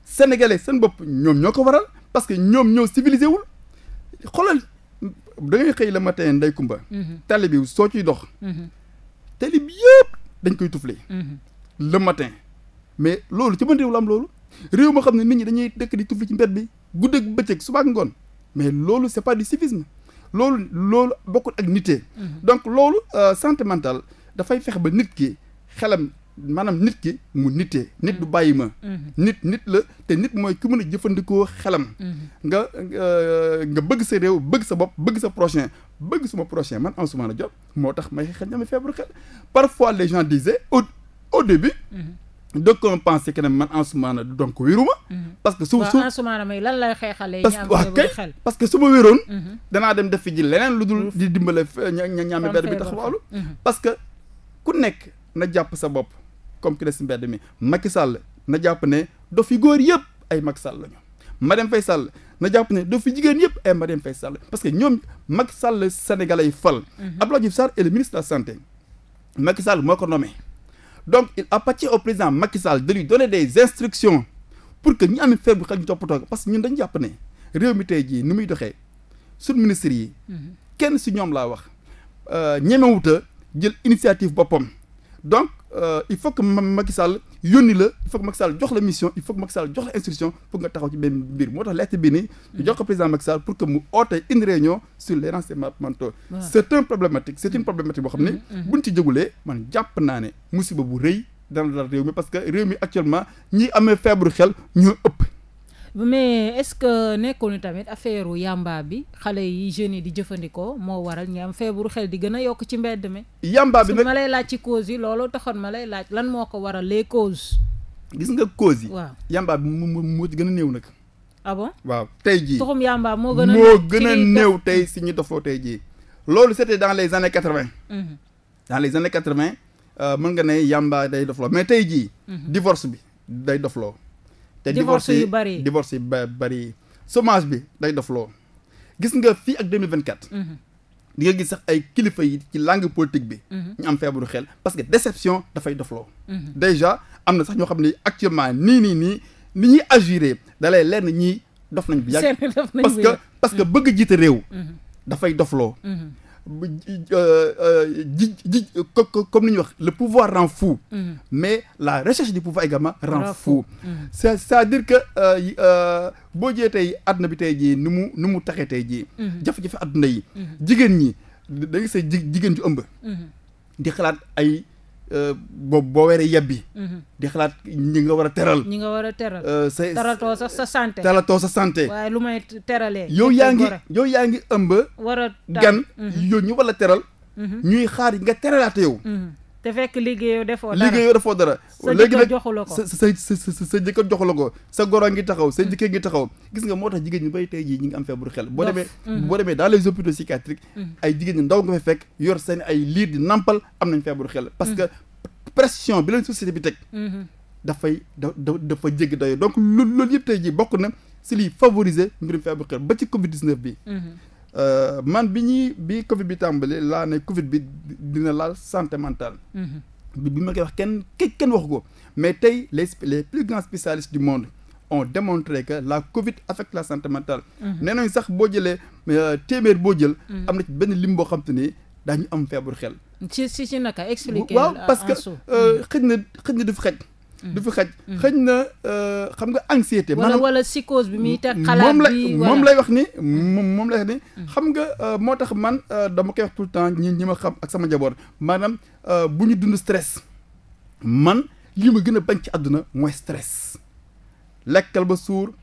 sénégalais seen bopp ñoom ñoo ko waral parce que ñoom ñoo civilisé wul xoolal da ngay xëy le matin nday kumba mhm. tali soo ciy dox mhm. tali bi dañ koy tufle mhm. le matin mais loolu ci ban réew la am loolu réew moo xam ne nit ñi dañuy dëkk di tufli ci mbedd bi guddeeg bëccëg suba ak ngoon mais loolu c'est pas du civisme loolu loolu bokkul ak nitee donc loolu euh, santé dafay fex ba nit ki xelam maanaam nit ki mu nitee nit du bàyyi ma mm-hmm. Mm-hmm. nit nit la te nit mooy ki mën a jëfandikoo xelam mm-hmm. nga euh, nga bëgg sa réew bëgg sa bopp bëgg sa prochain bëgg suma prochain man Ansoumana jot moo tax may xel ñamay feebaru xel parfois les gens disaient au au début donc on pensait que ne man Ansoumana donc wéruma parce que su su Ansoumana may lan lay xeexalee waaw kay parce que su ma wéroon danaa dem def fi ji leneen lu dul di dimbale ñaami benn bi taxawaalu parce que ku nekk na jàpp sa bopp comme ki des si mbedd mi Macky Sall na jàpp ne dof fi góor yëpp ay Macky Sall lañu Marième Faye Sall na jàpp ne dof fi jigéen yëpp ay Marième Faye Sall parce que ñoom Macky Sall sénégalais yi fal. Mhm. Abdoulaye la Sarr est le ministre de la santé Macky Sall moo ko nommé donc il appartient au président Macky Sall de lui donner des instructions pour que ñu am feebar xel ñu toppatoo parce que ñun dañu jàpp ne réew mi tey jii ni muy doxee suñu ministres yi. Mhm. kenn si ñoom laa wax euh, ñemewuta jël initiative boppam Euh, il faut que Macky Sall la il faut que Macky jox la mission il faut que Macky jox la instruction pour nga taxaw ci benn mbir moo tax lettre bi nii. jox ko président Macky pour que mu oote une réunion sur les renseignements mentaux. c' est problématique c' mm-hmm. problématique boo xam ne. Mm-hmm. Mm-hmm. buñ ci jógulee man jàpp naa ne musiba bu rëy dana dal réew mi parce que réew mi actuellement ñi amee feebaru xel ñoo ëpp. mais est-ce que nekkoon tamit affaire yamba bi xale yi jeunes yi di jëfandikoo moo waral ñu am feebaru xel di gën a yokk ci mbedd mi. yamba bi nag ma lay laaj ci causes yi loolu taxoon ma lay laaj lan moo ko waral les causes. gis nga causes yi. yamba bi mu mu gën a néew nag. ah bon waaw tey jii. tuxum yamba moo gën a. gën a néew tey si ñu dofoo tey jii. loolu c'était dans les années quatre-vingt. Mhm. dans les années quatre-vingt euh, mën nga ne yamba day dofloo mais tey jii. Mhm. divorce bi day dofloo. te divorce yu bari divorce yu bari yi chômage bi day def loo gis nga fii ak 2024. Mhm. di nga gis sax ay kilifa yi ci langue politique bi. Mhm. ñu am feebaru xel parce que déception dafay def loo. Mhm. déjà am na sax ñoo xam ne actuellement nii nii nii ni ñuy agiré da lay na ñii dof nañ bu yàgg. parce que bëgg jiite réew. dafay dofloo Euh, euh, ji ji comme ni ñuy wax le pouvoir rend fou. Mm. mais la recherche du pouvoir également rend fou. Mm. c'est c'est-à-dire que euh, boo jee tey àdduna bi tey jii nu mu nu mu taxee tey jii. Mm-hmm. jafe-jafe àdduna yi. Mm-hmm. jigéen ñi da nga jigéen ju ëmb. Mm-hmm. di xalaat ay. boobu boo weeree yebbi. Mhm. di xalaat ñi nga war a teral. ñi nga war a teral. Euh, sa taratoo sax sa santé. taratoo sa sante waaye lu may teralee. yow yaa ngi yow yaa ngi ëmb. war a gan. Mhm. yow ñu war teral. Mhm. ñuy xaar nga teralaate yow. te fekk liggéeyoo defoo dara liggéeyoo defoo dara léegi nag sa sa sa sa jëkkër joxu la ko sa goro ngi taxaw sa jëkkër ngi taxaw gis nga moo tax jigéen ñi bay tey jii ñi ngi am feebaru xel boo demee mm-hmm. boo demee dans les mm-hmm. ay jigéen ñi ndaw nga fa fekk yor seen ay liir di nampal am nañ feebaru xel parce que mm-hmm. pression bi leen société bi teg dafay da dafa jéggi day donc loolu loolu yëpp tey jii bokk na si liy favoriser mbirum feebaru xel ba ci covid 19 bi Euh, man bi ñuy bi Covid bi tàmbali laa ne Covid bi dina laal santé mentale. Mhm. bi bi ma koy wax kenn kenn waxu ko mais tey les les plus grands spécialistes du monde on démontré que la Covid affecte la santé mentale. Mhm. nee sax boo jëlee euh, téeméer boo jël. Mhm. am na ci benn lim boo xam te ni daañu am feebar xel. ci ci ci naka parce que euh, xëj na xëj na daf xëj. du fi mm. xaj mm. xëj na euh, xam nga anxiété maanaam wala psychose bi muy teg mm. xalaat moom la moom lay wax ni moom lay wax ni xam nga euh, moo tax man euh, dama koy wax tout le temps ñi ñi ma xam ak sama njaboot maanaam bu ñu dund stress man li ma gën a bañ ci àdduna mooy stress lekkal ba suur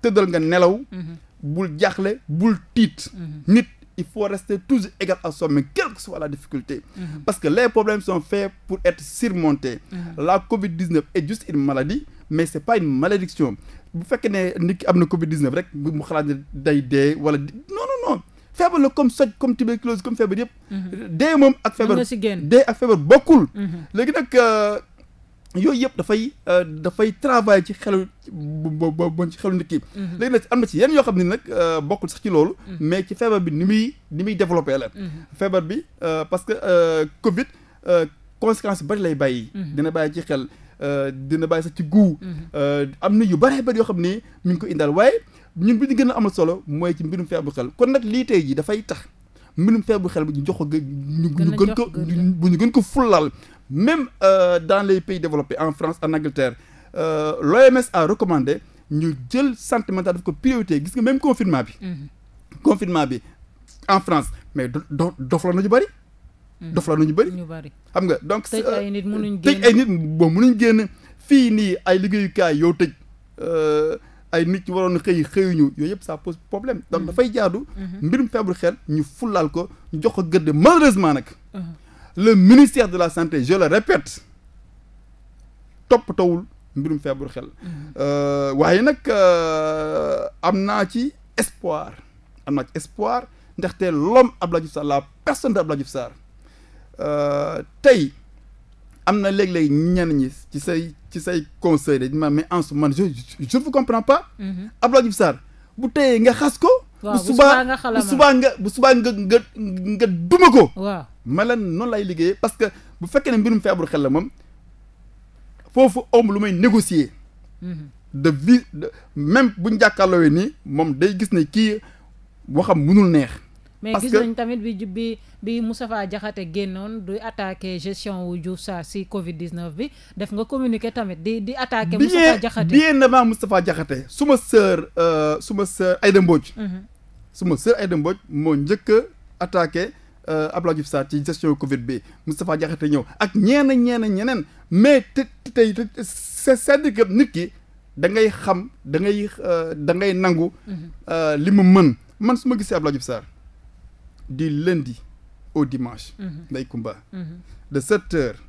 tëddal nga nelaw mm-hmm. bul jaaxle bul tiit mm-hmm. nit il faut rester toujours égal à soi-même, quelle que soit la difficulté. Mmh. Parce que les problèmes sont faits pour être surmontés. Mhm. La COVID-19 est juste une maladie, mais c'est pas une malédiction. bu fekkee ne am na COVID-19 rek mu xalaat ne day dee wala non non non feebar la comme soj comme tuberculose comme feebar yëpp. Mhm. dee moom ak feebar bokkul. Mhm. léegi nag. Euh, yooyu yëpp dafay euh, dafay travail ci xelu ba ci xelu nit ki. Mhm. léegi nag am na ci yenn yoo xam ni nag euh, bokkul sax ci loolu. Mhm. mais ci feebar bi ni muy ni muy développé la. Mhm. feebar bi euh, parce que Covid conséquence bari lay bàyyi. dina bàyyi ci xel dina bàyyi sax ci guu. am na yu baree bari yoo xam ne mi ngi ko indaal waaye ñun bi ñu gën a amal solo mooy ci mbirum feebar bu xel kon nag lii tey jii dafay tax. mbirum feebu xel bu ñu jox ko gën ko bu ñu gën ko fullaal même euh, dans les pays développés en France en Angleterre euh, l'OMS a recommandé ñu jël santé mentale daf ko priorité gis nga même confinement bi. Mhm. confinement bi en France mais do dof la mhm. ñu bëri. dof la ñu bëri. xam nga donc. tëj euh, ay nit mënuñ génn tëj génn fii nii ay liggéeyukaay yow tëj. Euh, ay nit ñu waroon xëy xëyuñu yooyu yëpp ça pose problème donc mhm. dafay jaadu. mbirum feebaru xel ñu fullaal ko ñu jox ko gëdd malheureusement nag. le ministère de la santé je le répète toppatawul mbirum feebaru xel. Mm-hmm. Euh, waaye nag euh, am naa ci espoir am naa ci espoir ndaxte l'homme Abdoulaye Diouf Sarr la personne de Abdoulaye Diouf Sarr euh, tey am na léeg-léeg ñenn ñi ci say ci say conseil dañu ma mais en ce moment je je comprends pas. Mm-hmm. Abdoulaye Diouf Sarr bu teyee nga xas ko. bu subaa nga bu subaa bu subaa nga nga nga duma ko. malan noonu lay liggéeyee parce que bu fekkee ne mbirum feebaru xel la moom foofu om lu may négocier. Mm-hmm. de vie de même buñ jàkkaarloo nii moom day gis ne kii waxam munul neex. parce que mais gis nañ tamit bi bi bi jaxate Diakhaté génnoon du attaqué gestion wu Diouf Sarr si Covid 19 bi def nga communiqué tamit di di attaqué. Moustapha Diakhaté bien bien avant Moustapha Diakhaté suma sœur euh, suma sœur Aïda Mbodj. Mm-hmm. suma sœur Aïda Mbodj moo njëkk a Euh, Abdoulaye Diouf Sarr ci gestion Covid bi Moustapha Diakhaté ñëw ak ñeneen ñeneen ñeneen mais te tey cest à nit ki dangay ngay xam da dangay euh, nangu. Mhm. Euh, li mu mën man su ma gisee Abdoulaye Diouf di du lundi au dimanche. Ndeye mhm. Comba. Mhm. de sept heures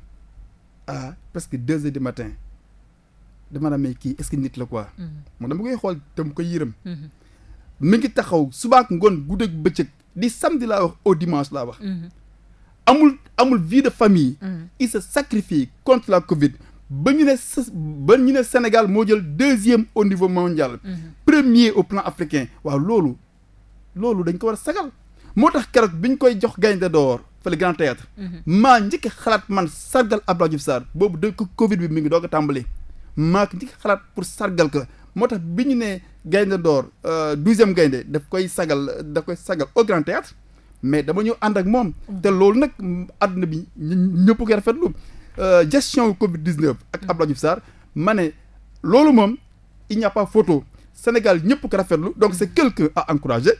à presque deux heures du matin dama la kii est nit la quoi. moom dama koy xool te mu koy yërëm. mi ngi taxaw subaak ngoon guddeeg bëccëg. di samedi laa wax au dimanche laa wax. Mhm. amul amul vie de famille. Mhm. il se sacrifie contre la Covid. ba ñu ne ba ñu ne Sénégal moo jël deuxième au niveau mondial. Mhm. premier au plan africain waaw loolu. loolu dañ ko war a sagal moo tax keroog bi ñu koy jox gaynde door fële grand théâtre maa njëkk xalaat man sargal Abdoulaye Diouf Sarr boobu dëkk Covid bi mi ngi doog a tàmbali maa njëkk xalaat pour sargal ko moo tax bi ñu ne gaynde d'or euh, douzième gaynde daf koy sagal daf koy sagal au grand théâtre mais dama ñëw ànd ak moom te loolu nag àdduna bi ñëpp koy rafetlu euh, gestion yu covid 19 ak mm. Abdoulaye Diouf Sarr ma ne loolu moom il n'y a pas photo Sénégal ñëpp ko rafetlu donc c'est mm. quelqu'un à encourager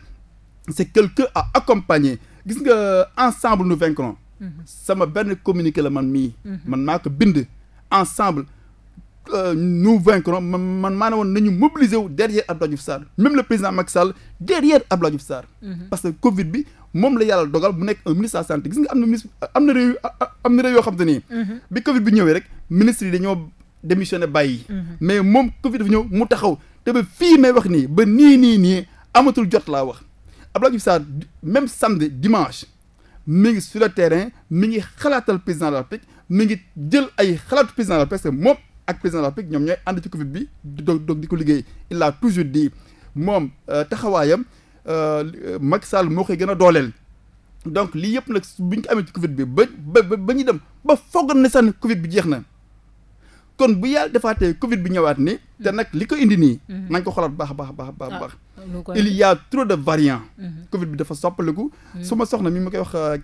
c'est quelqu'un à accompagner gis nga ensemble nous vaincrons mm-hmm. sama benn communiqué la man mii mm-hmm. man maa ko bind ensemble Euh, nous vaincrons man maanaam woon nañu mobiliser wu derrière Abdoulaye Diouf Sarr même le président Macky Sall derrière Abdoulaye Diouf mhm. parce que Covid bi moom la yàlla dogal bu nekk un ministre a la santé gis nga am na ministre am na réew am xam te nii. Mhm. bi Covid bi ñëwee rek ministre yi dañoo démissionné bàyyi. Mhm. mais moom Covid bi ñëw mu taxaw te ba fii may wax nii ba nii nii nii amatul jot laa wax Abdoulaye Diouf Sarr samedi dimanche mi ngi sur le terrain mi ngi xalaatal président la République mi ngi jël ay xalaatu ak président de la République ñoom ñooy ànd ci Covid bi di doog doog di ko liggéey il a toujours dit moom euh, taxawaayam euh, Macky Sall moo koy gën a dooleel. donc lii yëpp nag bu ñu ko amee ci Covid bi ba ba ba ñu dem ba foog ne sax Covid bi jeex na kon bu yàlla defaatee Covid bi ñëwaat ni te nag li ko indi nii. Mm-hmm. nañ ko xoolaat baax a baax baax baax baax. Ah, il y a trop de variants. Mm-hmm. Covid bi dafa soppaliku. Mm-hmm. su ma soxna mi ma euh,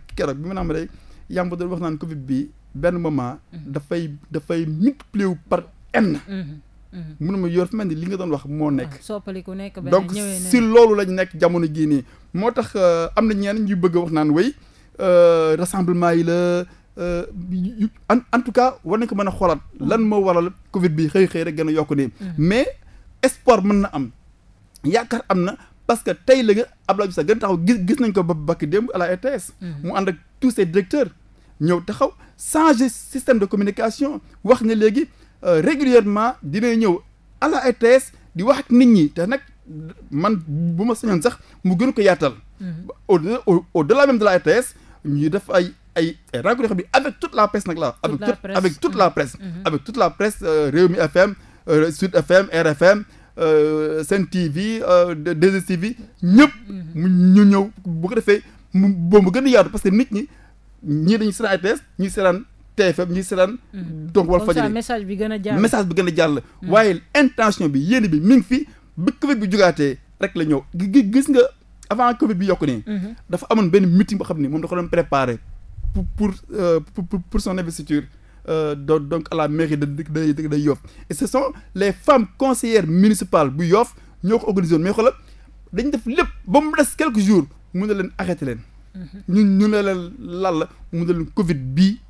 ma naan ma day yàmb doon wax naan Covid bi. benn moment. Mhm. dafay dafay multiplier wu par n. Mhm. Mhm. mun ma yor fi ni li nga doon wax moo nekk. Ah, soppaliku nekk donc si loolu lañu nekk jamono jii nii. moo tax euh, am na ñeen ñuy bëgg a wax naan way euh, rassemblement yi la. Euh, en en tout cas war nañ ko mën a xoolaat lan moo waral Covid bi xëy xëy rek gën a yokk nii. mais espoir mën na am yaakaar am na parce que tey la nga Abdoulaye Diouf sax gën taxaw gis gis nañ ko ba bakki démb à la mu ànd ak tous ses directeurs. ñëw taxaw changer système de communication wax ne léegi euh, régulièrement dina ñëw à la di wax ak nit ñi te nag man bu ma sañoon sax mu gën ko yaatal. Mm-hmm. au au delà même de la RTS ñuy def ay ay ay rencontre bi avec toute la presse nag la. avec toute mm-hmm. avec toute la presse. avec tout la presse Rewmi FM euh, Sud FM RFM. Euh, Sen TV 2STV ñëpp. Mm-hmm. mu ñu ñëw bu ko defee mu boobu mu gën a parce que nit ñi. ñii dañuy seetaan RTS ñii seetaan TFM ñii seetaan. Mm-hmm. donc Walf Fadjri message bi gën a jàll. message bi gën a jàll. Mm. waaye intention bi yéene bi mi ngi fi ba Covid bi jugaatee rek la ñëw gi gis nga avant Covid bi yokk nii. Mm-hmm. dafa amoon benn meeting boo xam ne moom da ko doon préparé pour euh, pour pour pour son investiture. Euh, donc, donc à la mairie de de de, de Yoff et ce sont les femmes conseillères municipales bu Yoff ñoo ko organisé mais xoolal dañu def lépp ba mu des quelques jours mu ne leen arrêté leen. Mm-hmm. ñu ñu ne la lan la mu ne Covid bii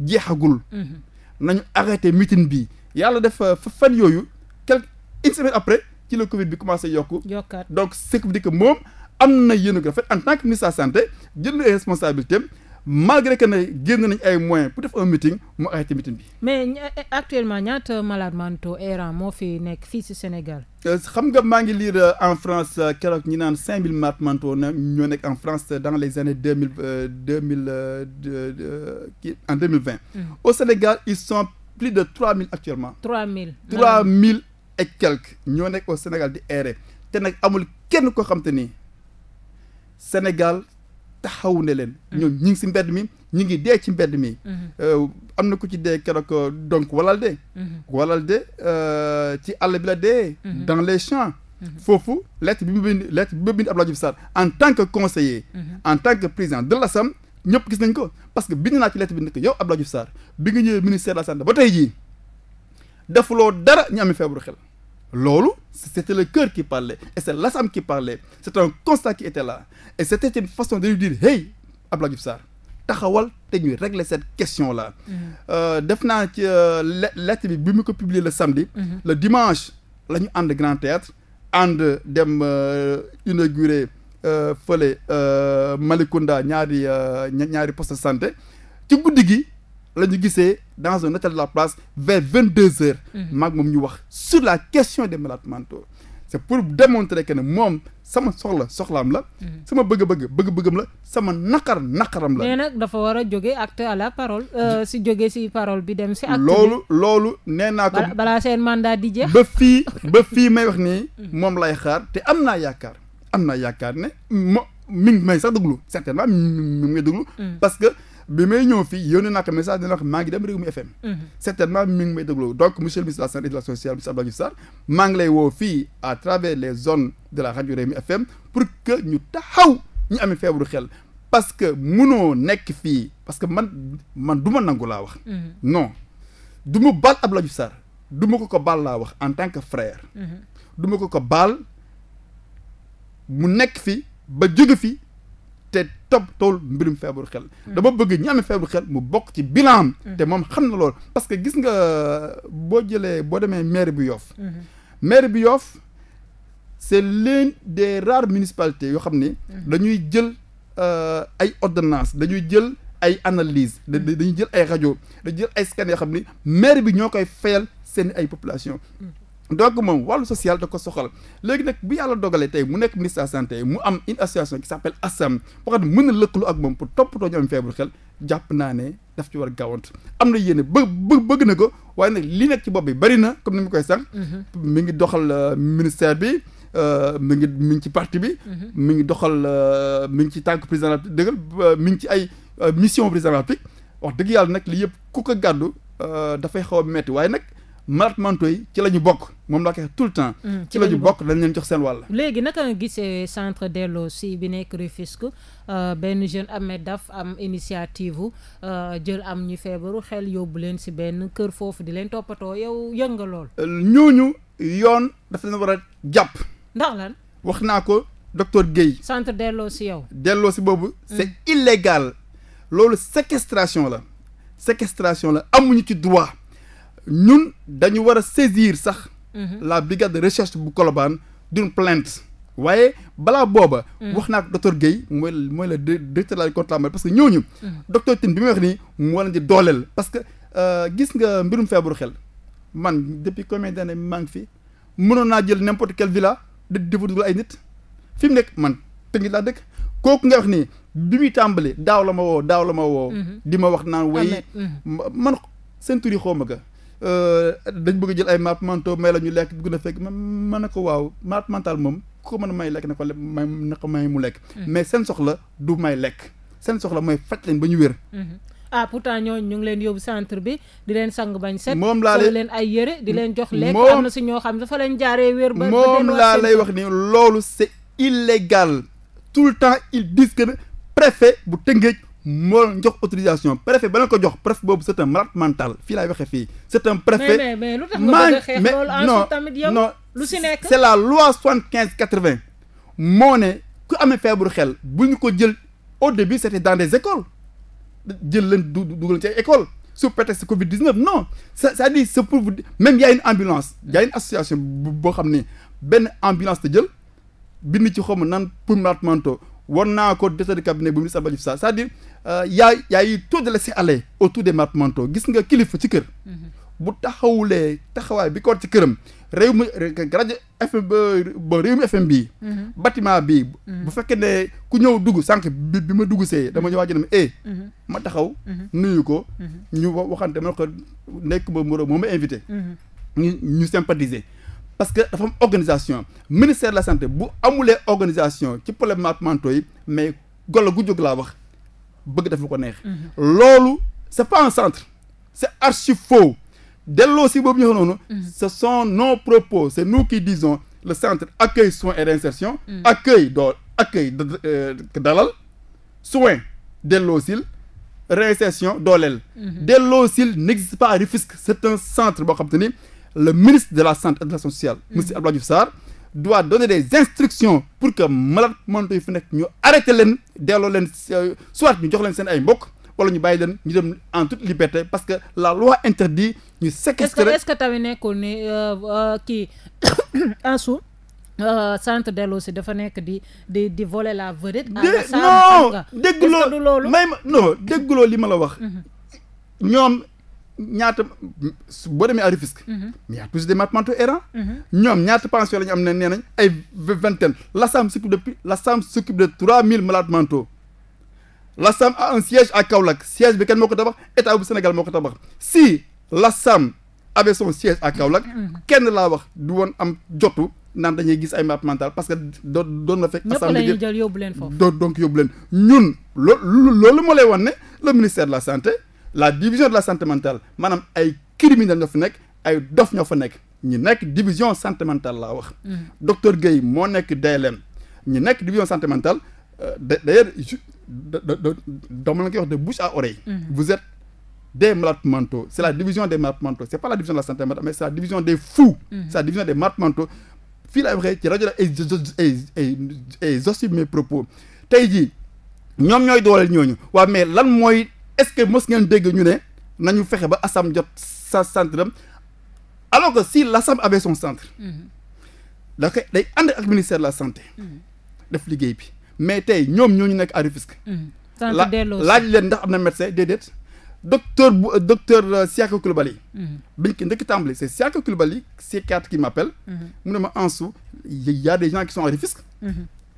jeexagul. Mm-hmm. nañu areté mitin bii yàlla def euh, fan yooyu quelque une semaine après ci la Covid bi commencé yokk donc ce qui veut dire moom am na yéen a ko rafet en tant que ministre de la santé jël na responsabilité malgré que ne génn nañ ay moyens pour def un meeting mu arrêté meeting bi. mais eh, actuellement ñaata malades mentaux errants moo fi nekk fii si Sénégal. Euh, xam nga maa ngi lire euh, en France euh, keroog ñi naan 5000 malades mentaux na ñoo nekk en France dans les années 2000 2000 kii en 2020. Mmh. au Sénégal ils sont plus de 3000 actuellement. 3000 3000 mmh. et quelques ñoo nekk au di errer te nag amul kenn koo xam te ni Sénégal. taxaw ne leen. Mm-hmm. ñoom ñu ngi si mbedd mi ñu ngi dee ci mbedd mi. Mm-hmm. Euh, am na ku ci dee keroog euh, donc walal de. Mm-hmm. walal de euh, ci àll bi la dans les champs. foofu lettre bi mu bi lettre bi mu bind Abdoulaye Diouf Sarr en tant que conseiller. en tan que président de l'Assemblée ñëpp gis nañ ko parce que bi naa ci lettre bi nekk yow Abdoulaye Diouf Sarr bi nga ñëwee ministère de la santé ba tey jii defuloo dara ñu amee feebaru xel. loolu c'était le cœur qui parlait et c'est l'ASAM qui qui était là et c'était une façon de lui dire hey Abdoulaye Diouf Sarr taxawal te ñuy régler cette question la mm-hmm. euh, def naa ci euh, lettre bi bi mu ko publier le samedi mm-hmm. le dimanche la ñu ànd grand théâtre ànd dem euh, inauguré fële Malicounda ñaari ñaari poste de santé ci guddi gi la ñu gisee dans un hôtel de la place vers vingt deux heures mm-hmm. maag moom ñu wax sur la question de malades mentaux c' est pour démontrer que ne moom sama soxla soxlaam la mm-hmm. sama bëgg-bëgg bëgg-bëggam la sama naqar naqaram la mais nag dafa war a jóge acte à la parole euh, mm-hmm. si jóge si parole bi dem si acte loolu loolu nee naa ko balaa seen mandat di ba fii ba fii may wax nii moom lay xaar te am naa yaakaar am naa yaakaar ne mo mi ngi may sax déglu certainement mi ngi may déglu parce que bi may ñëw fii yónnee naa ko message dina wax maa ngi dem Rewmi FM. Mhm. certainement mi ngi may déglu donc monsieur le ministre de la santé et de l'action sociale monsieur Abdoulaye Diouf Sarr maa ngi lay woo fii à travers les zones de la rajo Rewmi FM pour que ñu taxaw ñu amee feebaru xel. parce que munoo nekk fii parce que man man du ma nangu laa wax. Mhm. non du ma baal Abdoulaye Diouf Sarr du ma ko ko baal laa wax en tant que frère. Mhm. du ma ko ko baal mu nekk fi ba jóge fi. te topp tool mbirum feebaru xel dama mm. bëgg ñi amee xel mu bokk ci bilan mm. te moom xam na loolu parce que gis nga boo jëlee boo demee maire bu Yoff mm-hmm. maire bi yoof c'est l'une des rares municipalités yoo xam ni mm-hmm. euh, dañuy jël ay ordonnance dañuy jël ay analyse mm-hmm. dañuy jël ay rajo dañuy jël ay scan yoo xam ni maire bi ñoo koy fayal seen ay population mm. donc moom wàllu social da ko soxal léegi nag bu yàlla dogalee tey mu nekk ministre de santé mu am une association qui s'appelle ASSAMM boo xam ne mën na lëkkaloo ak moom pour toppatoo ñu am feebaru xel jàpp naa ne daf ci war a gaawant am na yéene bë bë bëgg na ko waaye nag li nekk ci bopp bi bari na comme ni mu koy sànq. Mhm. mi ngi doxal euh, ministère bi euh, mi ngi mu ngi ci parti bi. Mhm. mi ngi doxal euh, mi ngi ci tànk président dëggal mi ngi ci ay mission président wax dëgg yàlla nag li yëpp ku ko gàddu dafay xaw a waaye nag. Marthe Mantoy ci la bokk moom laa koy tout le temps. Hmm, ci la ñu bokk dañ leen jox seen wàll. léegi naka nga gisee centre delloo si bi nekk Rufisque euh, benn jeune Ahmed Daf am initiative euh, jël am ñu feebaru xel yóbbu leen si benn kër foofu di leen toppatoo yow nga lool. Euh, ñooñu yoon dafa leen war a jàpp. ndax la wax naa ko docteur Guèye. centre delloo si yow. delloo si boobu. Hmm. c' illégal loolu séquestration la séquestration la amuñu ci droit. ñun dañu war a saisir sax. Mhm. la brigade de recherche bu Colobane d'une plainte. waaye balaa booba. Mhm. wax naa ko docteur Guèye mooy mooy le directeur de la contrat parce que ñooñu. Mhm. docteur Tine bi may wax nii moo leen di dooleel. parce que euh, gis nga mbirum feebaru xel man depuis combien d'années maa ngi fi mënoon naa jël n'importe quel villa di déglu ay nit fi mu nekk man tënk laa dëkk kooku nga wax nii bi muy tàmbali daaw la ma woo daaw la ma woo. di ma wax naan way man seen tur yi xaw ma ga Euh, dañ bëgg jël ay maat manto may la ñu lekk bëgg na fekk ma ne ko waaw maat moom ku ko mën a may lekk na ko may na mu lekk. Mm-hmm. mais seen soxla du may lekk seen soxla mooy faj leen ba ñu wér. Mm-hmm. ah pourtant ñooñu ñu ngi leen yóbbu centre bi di leen sang bañ set. moom leen ay yëre di leen jox lekk. am na si ñoo xam dafa leen jaaree wér. ba moom laa lay wax ni loolu c'est illégal tout le temps ils disent que préfet bu Tëngéej. moo njox autorisation préfet ba la ko jox préfet boobu c'est un malade mental fii laay waxee fii c'est un préfet mais a xeex loolu ensuite tamit yow lu si nekk c'est la loi soixante quinze quatre vingt moo ne ku amee feebaru xel bu ñu ko jël au début c'était dans des écoles jël leen du dugal ci ay écoles sous prétexte Covid 19 non c'est-à-dire c'est pour vous même y ambulance y a boo xam ni benn ambulance te jël bind ci xaw ma naan pour malade mental won naa ko directeur de cabinet bu ministre Abdou Diouf Sarr cest à euh, yaay yaay tout de laisser-aller autour des départementaux gis nga kilifa ci kër. Mm-hmm. bu taxawulee taxawaay bi ko ci këram réew mi rajo FM ba réew mi FM bii. Mm-hmm. bâtiment bii. Mm-hmm. bu fekkee ne ku ñëw dugg sànq bi bi ma dugg see dama ñëwaat jënd eh. ma taxaw. nuyu ko. ñu waxante ma ne nekk ba mu moom ma invité. ñu ñu parce que dafa am organisation ministère de la santé bu amulee organisation ci problèmes mentaux yi mais golo gu jóg laa wax bëgg def lu ko neex. Mhm. loolu c'est pas un centre c'est archi faux delloo si boobu ñu wax noonu. Mhm. ce sont nos propos c'est nous qui disons le centre accueil soins et réinsertion. Mhm. accueil doo accueil euh, dalal soins delloo sil réinsertion dooleel. delloo sil n'existe pas Rufisque c'est un centre boo xam te ni. le ministre de la Santé et de l'Action sociale mm. monsieur Abdoulaye Diouf Sarr doit des instructions pour que malade mentaux yi fi nekk ñu arrêté leen delloo leen euh, soit ñu jox leen seen ay mbokk wala ñu bàyyi leen ñu dem en toute liberté parce que la loi interdit ñu séquestrer est-ce que tamit nekkul ni euh, euh, kii en Ansu centre delloo si dafa nekk di di di voler la vedette non dégguloo may ma non dégguloo li ma la wax mm-hmm. ñoom ñaata boo demee à Rufisque. Mhm. mais y a plus de malpenteux errants. Mhm. ñoom ñaata pension la am ne ay vingtaine la SAM s'occupe de plus la SAM s'occupe de trois mille malades mentaux. la SAM a un siège à Kaolack siège bi kenn moo tabax état bu Sénégal moo tabax si la SAM avait son siège à Kaolack. Mhm. kenn laa wax du woon am jotu. naan dañuy gis ay map mental parce que doo doon na fekk. assemblée ñëpp la ñuy jël leen ñun loolu moo lay wan ministère de la santé. la division de la santé mentale maanaam ay criminel ñoo fa nekk ay dof ñoo fa nekk ñi nekk division santé mentale laa wax. docteur Guèye moo nekk DLM. ñi nekk division santé mentale da d'ailleurs dama la koy wax de bouche à oreille. vous êtes des malades mentaux c'est la division des malades mentaux c'est pas la division de la santé mentale mais c'est la division des fous. c'est la division des malades mentaux fii laay waxee ci rajo la et et et j'assume mes propos tey jii ñoom ñooy dooleel ñooñu waaw mais lan mooy. est-ce que mos ngeen dégg ñu ne nañu fexe ba Assam jot sa centre aloo alors que si l'Assam avait son centre. Mm-hmm. da kay day ànd ak ministère la santé. Mm-hmm. def liggéey bi mais tey ñoom ñoo ñu nekk à Rufisque. Mm-hmm. centre delloo laaj leen ndax am na médecin déedéet. docteur bu euh, docteur euh, Siaka Koulibaly. biñ ko ndëkk tàmbali c' est Siaka Koulibaly psychiatre qui m' appelle. mu ne ma Ansou y' a des gens qui sont à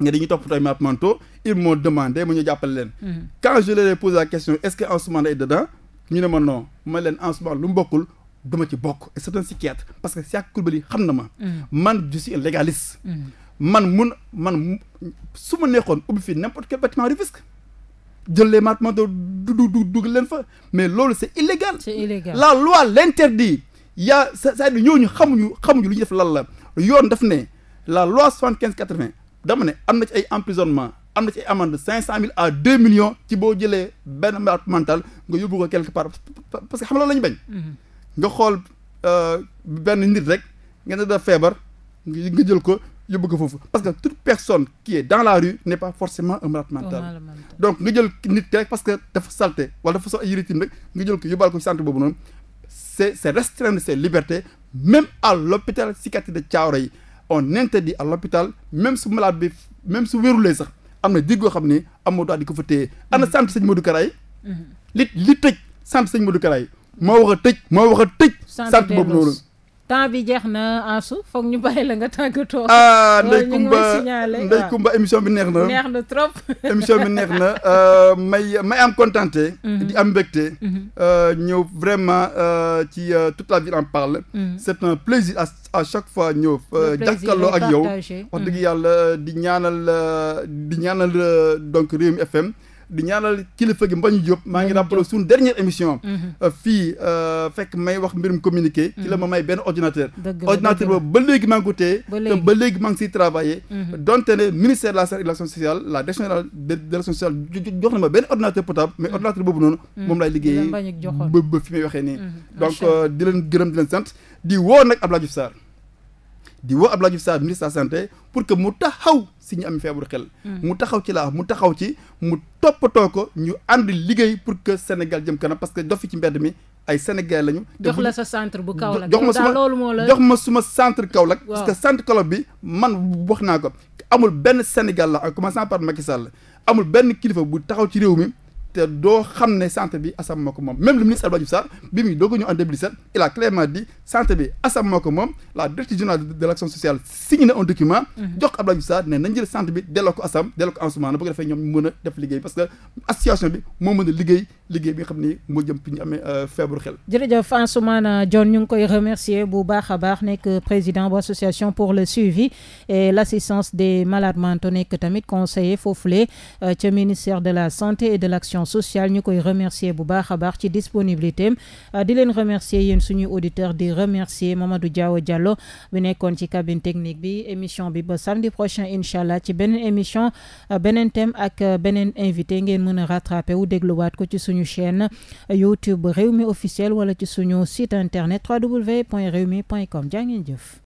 nga dañuy toppatoo ay manteau ils m'ont demandé ma ñu jàppale leen. Mhm. quand je leur ai posé la question est-ce que Ansoumana est dedans ñu ne ma non ma leen Ansoumana lu mu bokkul duma ci bokk et c'est un psychiatre parce que Siaka Coulibaly xam na ma. Mhm. man je suis un légaliste. Mhm. man mun man su ma neexoon ubbi fii n'importe quel bâtiment Rufisque jël les manteaux du du du leen fa mais loolu c'est illégal. c'est illégal la loi l'interdit. yaa sa saa ñooñu xamuñu xamuñu lu ñu def lan la yoon daf ne la loi soixante-quinze quatre-vingt dama ne am na ci ay emprisonnement am na ci ay amende cinq cent mille à deux millions ci boo jëlee benn malade mental nga yóbbu ko quelque part parce que xam la lañu bañ mhm. nga xool euh, benn nit rek nga ne daf feebar nga jël ko yóbbu ko foofu parce que toute personne kii dans la rue n'est pas forcément un malade mental donc nga jël nit rek parce que dafa salté wala dafa sox ay yiritim rek nga jël ko yóbbaal ko centre boobu noonu c'est c'est restreindre ses à l'hôpital psychiatrique de Thiaroye yi on di à l'hôpital même su malade bi même su wérulee sax am na diggoo xam ne amoo daal di ko fa téye ana sant mm-hmm. sëñ Modou Kara yi mm-hmm. li li tëj sant sëñ Modou Kara moo wax a tëj moo wax a tëj sant boobu noonu temps bi jeex na Ansu foog ñu bàyyi la nga tàggatoo. ah ndey kumba ndey kumba émission bi neex na. neex na trop. émission bi neex na euh, may may am contenté. Mhm. di am mbégte. Mhm. Euh, ñëw vraiment euh, ci toute la ville en parle. Mhm. c'est plaisir à chaque fois ñëw. jàkkaarloo ak yow. wax dëgg yàlla di ñaanal di ñaanal donc Rewmi FM. di ñaanal kilifa gi Mbañu Diop maa ngi rappelé suñu dernière émission mhm. euh, fii euh, fekk may wax mbirum communiqué ci la ma may benn ordinateur ordinateur boobu ba léegi maa ngi ko téye te ba léegi maa ngi siy travaillé mhm. donte ne ministère de la relation sociale la direction générale de relation sociale jox na ma benn ordinateur portable mais mhm. ordinateur boobu noonu moom laay liggéey ba ba fi may waxee nii donc euh, di leen gërëm di leen sant di woo nag Abdoulaye Diouf Sarr di woo Abdoulaye Diouf Sarr ministre de la santé pour que mu taxaw si ñu am feebaru xel. Hmm. mu taxaw ci laa mu taxaw ci mu toppatoo ko ñu ànd liggéey pour que Sénégal jëm kanam parce que dof fi ci mbedd mi ay Sénégal lañu. jox la sa centre bu Kaolack jox ma suma loolu moo la jox ma suma centre Kaolack. parce que centre Kaolack bi man wax naa ko amul benn Sénégal la en commençant par Macky Sall amul benn kilifa bu taxaw ci réew mi. te doo xam ne santé bi asam moo moom même le ministre Abdoulaye Diouf bi muy doog a ñëw en 2017 il a clairement dit santé bi asam moo moom la directrice générale de l' sociale signé na document. Mhm. jox ko Abdoulaye Diouf jël santé bi delloo ko asam delloo ko Ansoumana bu ko defee ñoom ñu a def liggéey parce que association bi moo mën a liggéey liggéey bi xam ni moo jëm fi ñu euh, xel. jërëjëf Ansoumana koy remercier bu baax nekk président bu action sociale ñu koy remercier bu baax a baax ci disponibilité am ah, di leen remercier yéen suñu auditeur di remercier Mamadou Diaw Diallo bi nekkoon ci cabin technique bi émission bi ba samedi prochain incha allah ci beneen émission ah, beneen thème ak ah, beneen invité ngeen mën a rattrapé wu dégluwaat ko ci suñu chaîne YouTube Rewmi officiel wala ci suñu site internet www.rewmi.com jaa ngeen jëf.